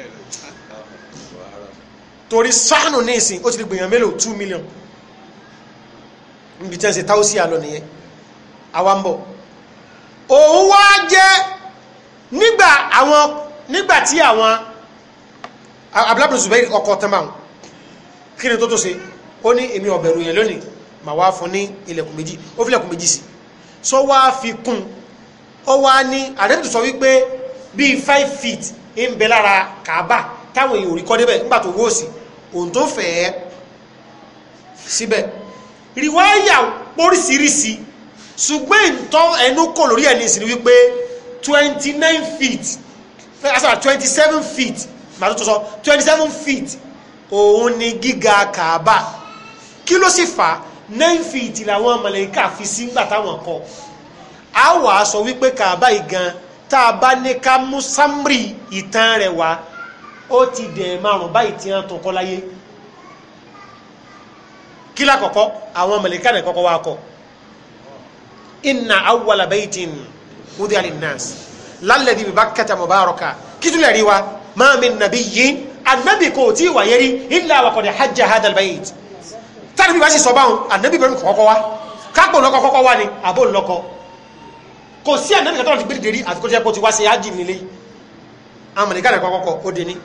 torí sáànù ní ìsìn ó ti di gbìyàn mélòó two million níbi tí wọ́n ṣe táwọ́sí àlọ́ nìyẹn àwa ń bọ̀ òun wá jẹ́ nígbà àwọn nígbà tí àwọn abúlábùn zubairi ọkọ̀ tán báwọn kí ni tó tó ṣe ó ní èmi ọ̀bẹ̀rù yẹn lónìí mà wá fún ní ilẹ̀kùn méjì ó fi ilẹ̀kùn méjì sí sọ wá fi kún ó wá ní àdébìtì sọ wípé bíi five feet ń bẹ lára kàábà táwọn èèyàn ò rí kọ́ débẹ̀ nígbà tó wó sí i òun tó fẹ́ síbẹ̀ rìwáyà póríṣiríṣi ṣùgbọ́n ìtọ́ ẹnu kò lórí ẹni sí ni wípé twenty feet asa eh, 27 feet màá tó sọ twenty feet òun ni gíga kàába kí ló sì fà á feet làwọn mọ̀lẹ́kà fi sí nígbà táwọn kọ́ a wàá sọ wípé kàába yìí tá a bá ní ká mú sámrì ìtàn rẹ̀ wá ó ti dẹ̀ márùn báyìí tí wọ́n tún kọ́ láyé kí lákọ̀ọ́kọ́ àwọn mẹ̀lẹ́kà náà kọ́kọ́ wá kọ́ inna awwala baytin wudi'a linnas lalladhi bi Bakkata mubaraka kìtùlẹ̀ rí wa ma min nabiyyin anabi kò tí ì wáyé rí illa wa qad hajja hadha al-bayt tani bí wàá sì sọ báwọn anabi bẹ̀rù kọ́kọ́ wá kápò lọ́kọ́ kọ́kọ́ wá ni àbò lọ́kọ́ kò sí anabi kàtọ́rọ̀ ti gbé àti kó ti wá sí ájì nílé kọ́kọ́ kọ́ ó dé ní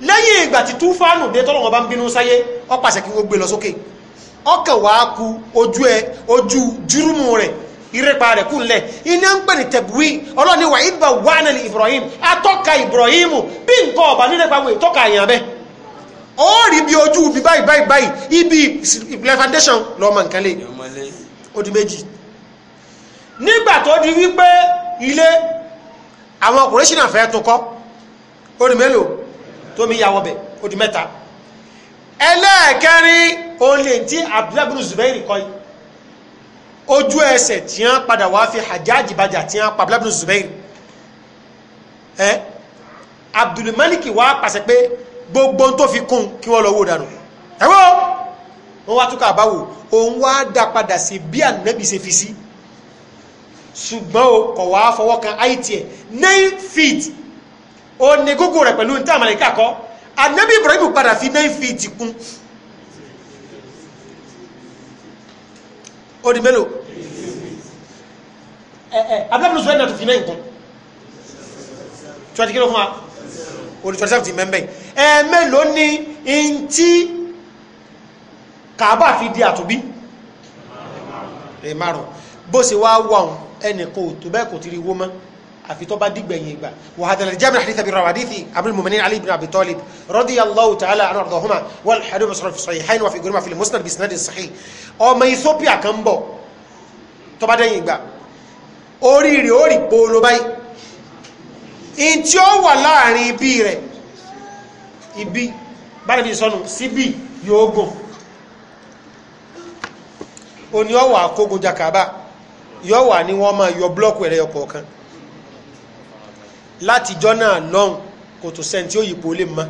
lẹ́yìn ìgbà tí túfánù dé tọ́lọ̀ wọn bá ń bínú sáyé ó pàṣẹ kí wọ́n gbé lọ sókè ọkẹ̀ wàá ku ojú ẹ ojú júrùmù rẹ̀ ìrẹ́pa rẹ̀ kúnlẹ̀ iná ń pè tẹ̀bùwí ọlọ́ni ìbà wà náà Ibrahim atọ́ka Ibrahim bí nǹkan ọ̀bà nílẹ̀ pàwọ̀ ìtọ́ka àyàn abẹ́ ó rí bí ojú bí báyìí báyìí báyìí ibi ìpìlẹ̀ foundation lọ́mọ nǹkan lè ó di méjì nígbà tó di wípé ilé àwọn ọkùnrin ṣìnà fẹ́ tún kọ́ ó mélòó tómi yàwọ̀ bẹ̀ ó di mẹ́ta ẹlẹ́ẹ̀kẹrin òun lè tí abdulabdul zubairi kọ́ yìí ojú ẹsẹ̀ tí wọ́n padà wá fi hajjáàjì bàjà tí wọ́n pa abdulabdul zubairi ẹ abdulmaliki wá pàṣẹ pé gbogbo tó fi kún kí wọ́n lọ wó dànù ẹ̀wọ́ wọ́n wá túkọ̀ àbáwò òun wá dá padà sí bí ànábì ṣe fi sí ṣùgbọ́n o kọ̀ wá fọwọ́ kan it nine feet O ní gógó rẹ̀ pẹ̀lú tí àmàlẹ́kà kọ́ anabi ibrahim padà fi náà fi ti kún ó di mélòó ẹ ẹ abúlé sọ́yìn náà tó fi náà kún twenty kilo fún wa ó di twenty seven ti mẹ́mbẹ́ ẹ mélòó ni ntí kàbá fi di àtúbí ẹ márùn bó ṣe wá wà ẹnì kò tó bẹ́ẹ̀ kò ti rí wó mọ́ àfi tó bá dìgbẹ̀yìn ìgbà wàhádàlẹ̀ jábìrì hadith abi rawadithi abul mu'minin ali ibn abi talib radiyallahu ta'ala anhu ardahuma wal hadith musnad fi sahihain wa fi gurma fi musnad bi sanadin sahih ọmọ ethiopia kan bọ̀ tó bá dẹ̀yìn ìgbà orí rẹ̀ orí polo báyìí in tí ó wà láàrin ibi rẹ̀ ibi bára bí sọnù síbi òní ọwà kógun jakaba yóò wà ní wọn máa yọ blọọkù ẹ̀rẹ́ ọkọ̀ọ̀kan látijọ́ náà lọ́hùn kò tó sẹ́ni tí ó yípo lè mọ́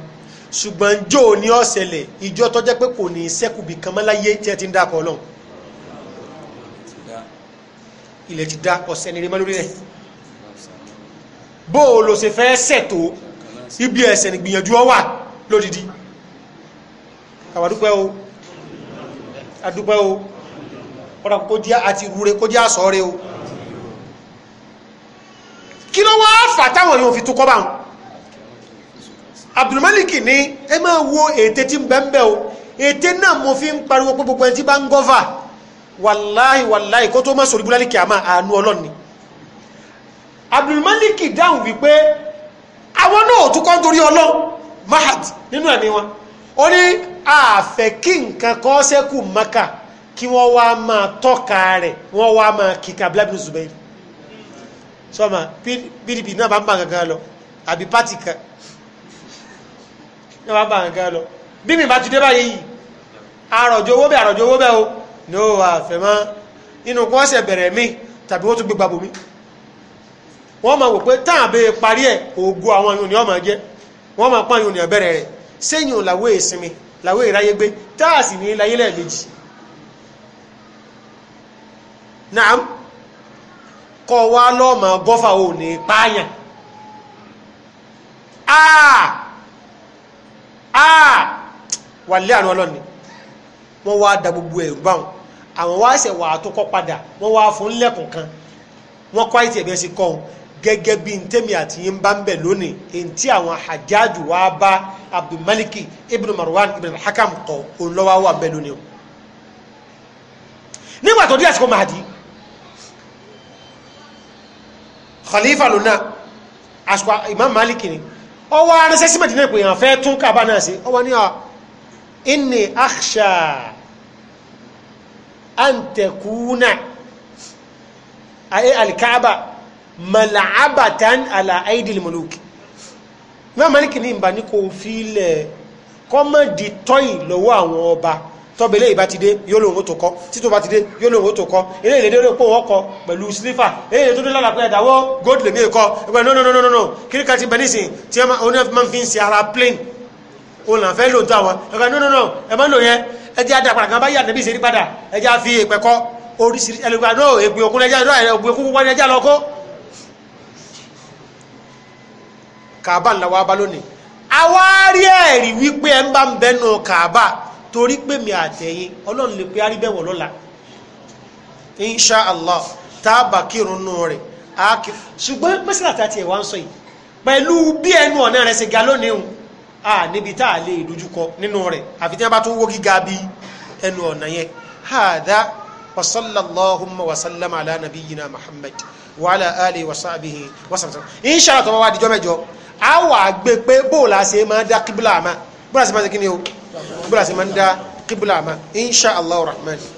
ṣùgbọ́n jò ní ọ̀sẹ̀lẹ̀ ìjọ tó jẹ́ pé kò ní sẹ́kù bí kan mọ́láyé tí ẹ ti ń dà kọ́ lọ́hùn ilẹ̀ ti dá ọ̀sẹ̀ ní rímọ́ lórí rẹ̀ bó o lò ṣe fẹ́ ṣètò ibi ẹ̀sẹ̀ ní ọ wà lódìdí àwàdúpẹ́ o adúpẹ́ o ọ̀rọ̀ kó jẹ́ àti rúre kó jẹ́ àsọ̀ọ́rẹ́ o. kí ló wá fà táwọn èèyàn fi tukọ́ bá wọn Abdulmalik ní ẹ máa wo ète tí ń fi ń pariwo pé gbogbo ẹni tí bá ń gọ́fà wàláhì wàláhì kó tó má sọ̀rọ̀ ibùdó lálẹ́ kìámà àánú ọlọ́ni ọlọ dáhùn wípé àwọn náà torí maka kí wọ́n wá máa tọ́ka rẹ̀ sọ́mà pdp náà bá ń bà kankan lọ àbí pátì kan náà bá ń bà kankan lọ bí mi bá ti dé báyìí àròjò owó bẹ́ẹ̀ àròjò owó bẹ́ẹ̀ o no àfẹ́mọ́ inú kó ọ̀sẹ̀ bẹ̀rẹ̀ mi tàbí wọ́n tún gbé gbàbò mi wọ́n máa wò pé táà bẹ́ẹ̀ parí ẹ̀ ògo àwọn yòó ni wọ́n máa jẹ́ wọ́n máa pọ́n yòó ni ọ̀bẹ̀rẹ̀ rẹ̀ sẹ́yìn ò làwé ìsinmi làwé ìráyé gbé táà sì ní láyé lẹ́ẹ̀mejì naam kọ́ wá lọ́ọ̀mọ̀ gọ́fà ò ní pààyàn áà ah! áà ah! wà lé àrùn ọlọ́ni wọ́n wá da gbogbo ẹ̀rù báwọn àwọn wá ṣẹ̀ wà á tó kọ́ padà wọ́n wá fún lẹ́kùn kan wọ́n kọ́ àìtì ẹ̀bí ẹ̀sìn kọ́ gẹ́gẹ́ bí ntẹ́mi àti yín bá ń bẹ̀ lónìí èntì àwọn hajjáàjù wá bá abdulmaliki ibn marwan ibn hakam kọ́ òun lọ́wọ́ wà bẹ́ẹ̀ lónìí o nígbà tó dé àsìkò mahadi khalifa ló náà àṣùpá imam malik ni ó wá ránṣẹ́ sí mẹ́dínà pé èèyàn fẹ́ tún kàbá náà sí ó wá ní inni akhsha an takuna ayé alikaaba malabatan ala aidil muluk imam malik ni ìbá ní kọ́mọ̀dì tọ́yì lọ́wọ́ àwọn ọba tọ́bẹ̀lẹ̀ ìbá ti dé yóò lòun ó tó kọ́ tí tó bá ti dé yóò lòun ó tó kọ́ eré ìlédè ló pò wọ́n kọ pẹ̀lú sílífà eré ìlédè tó lọ́la pé ẹ̀dáwó gold lèmi kọ́ ẹgbẹ́ no no no no no kíríkà ti bẹ̀ nísìn tí wọ́n máa fi ń ṣe ara plain òun là fẹ́ lò àwọn ẹgbẹ́ no no no ẹ má lò yẹn ẹ jẹ́ adà padà kan bá yà níbi ìṣèlú padà ẹ jẹ́ àfi ìpẹ́ kọ́ oríṣiríṣi ẹlẹ́gbẹ́ àná ègbè òkun ẹjá ògbè òkun wọ́n ẹjá lọ kó torí pé mi àtẹ̀yìn ọlọ́run lè pe aríbẹ̀wọ̀ lọ́la insha allah tábà kírun nù rẹ̀ ákì ṣùgbọ́n mẹ́sàlá tá a tiẹ̀ wá ń sọ yìí pẹ̀lú bí ẹnu ọ̀nà rẹ̀ ṣe ga lónìí hùn à níbi tá a lè dojúkọ nínú rẹ̀ àfi tí wọ́n bá tún wó gíga bí ẹnu ọ̀nà yẹn hàdá wasallallahu wasallam ala nabiyyina muhammad wa ala alihi wa sahbihi wa sallam insha allah tó bá dijọ́ mẹ́jọ a wà gbé pé bóòlù àṣẹ máa dá kíbla àmà bóòlù àṣẹ máa ṣe kí o bóra sì máa ń dá kíbùlà àmà insha allah rahman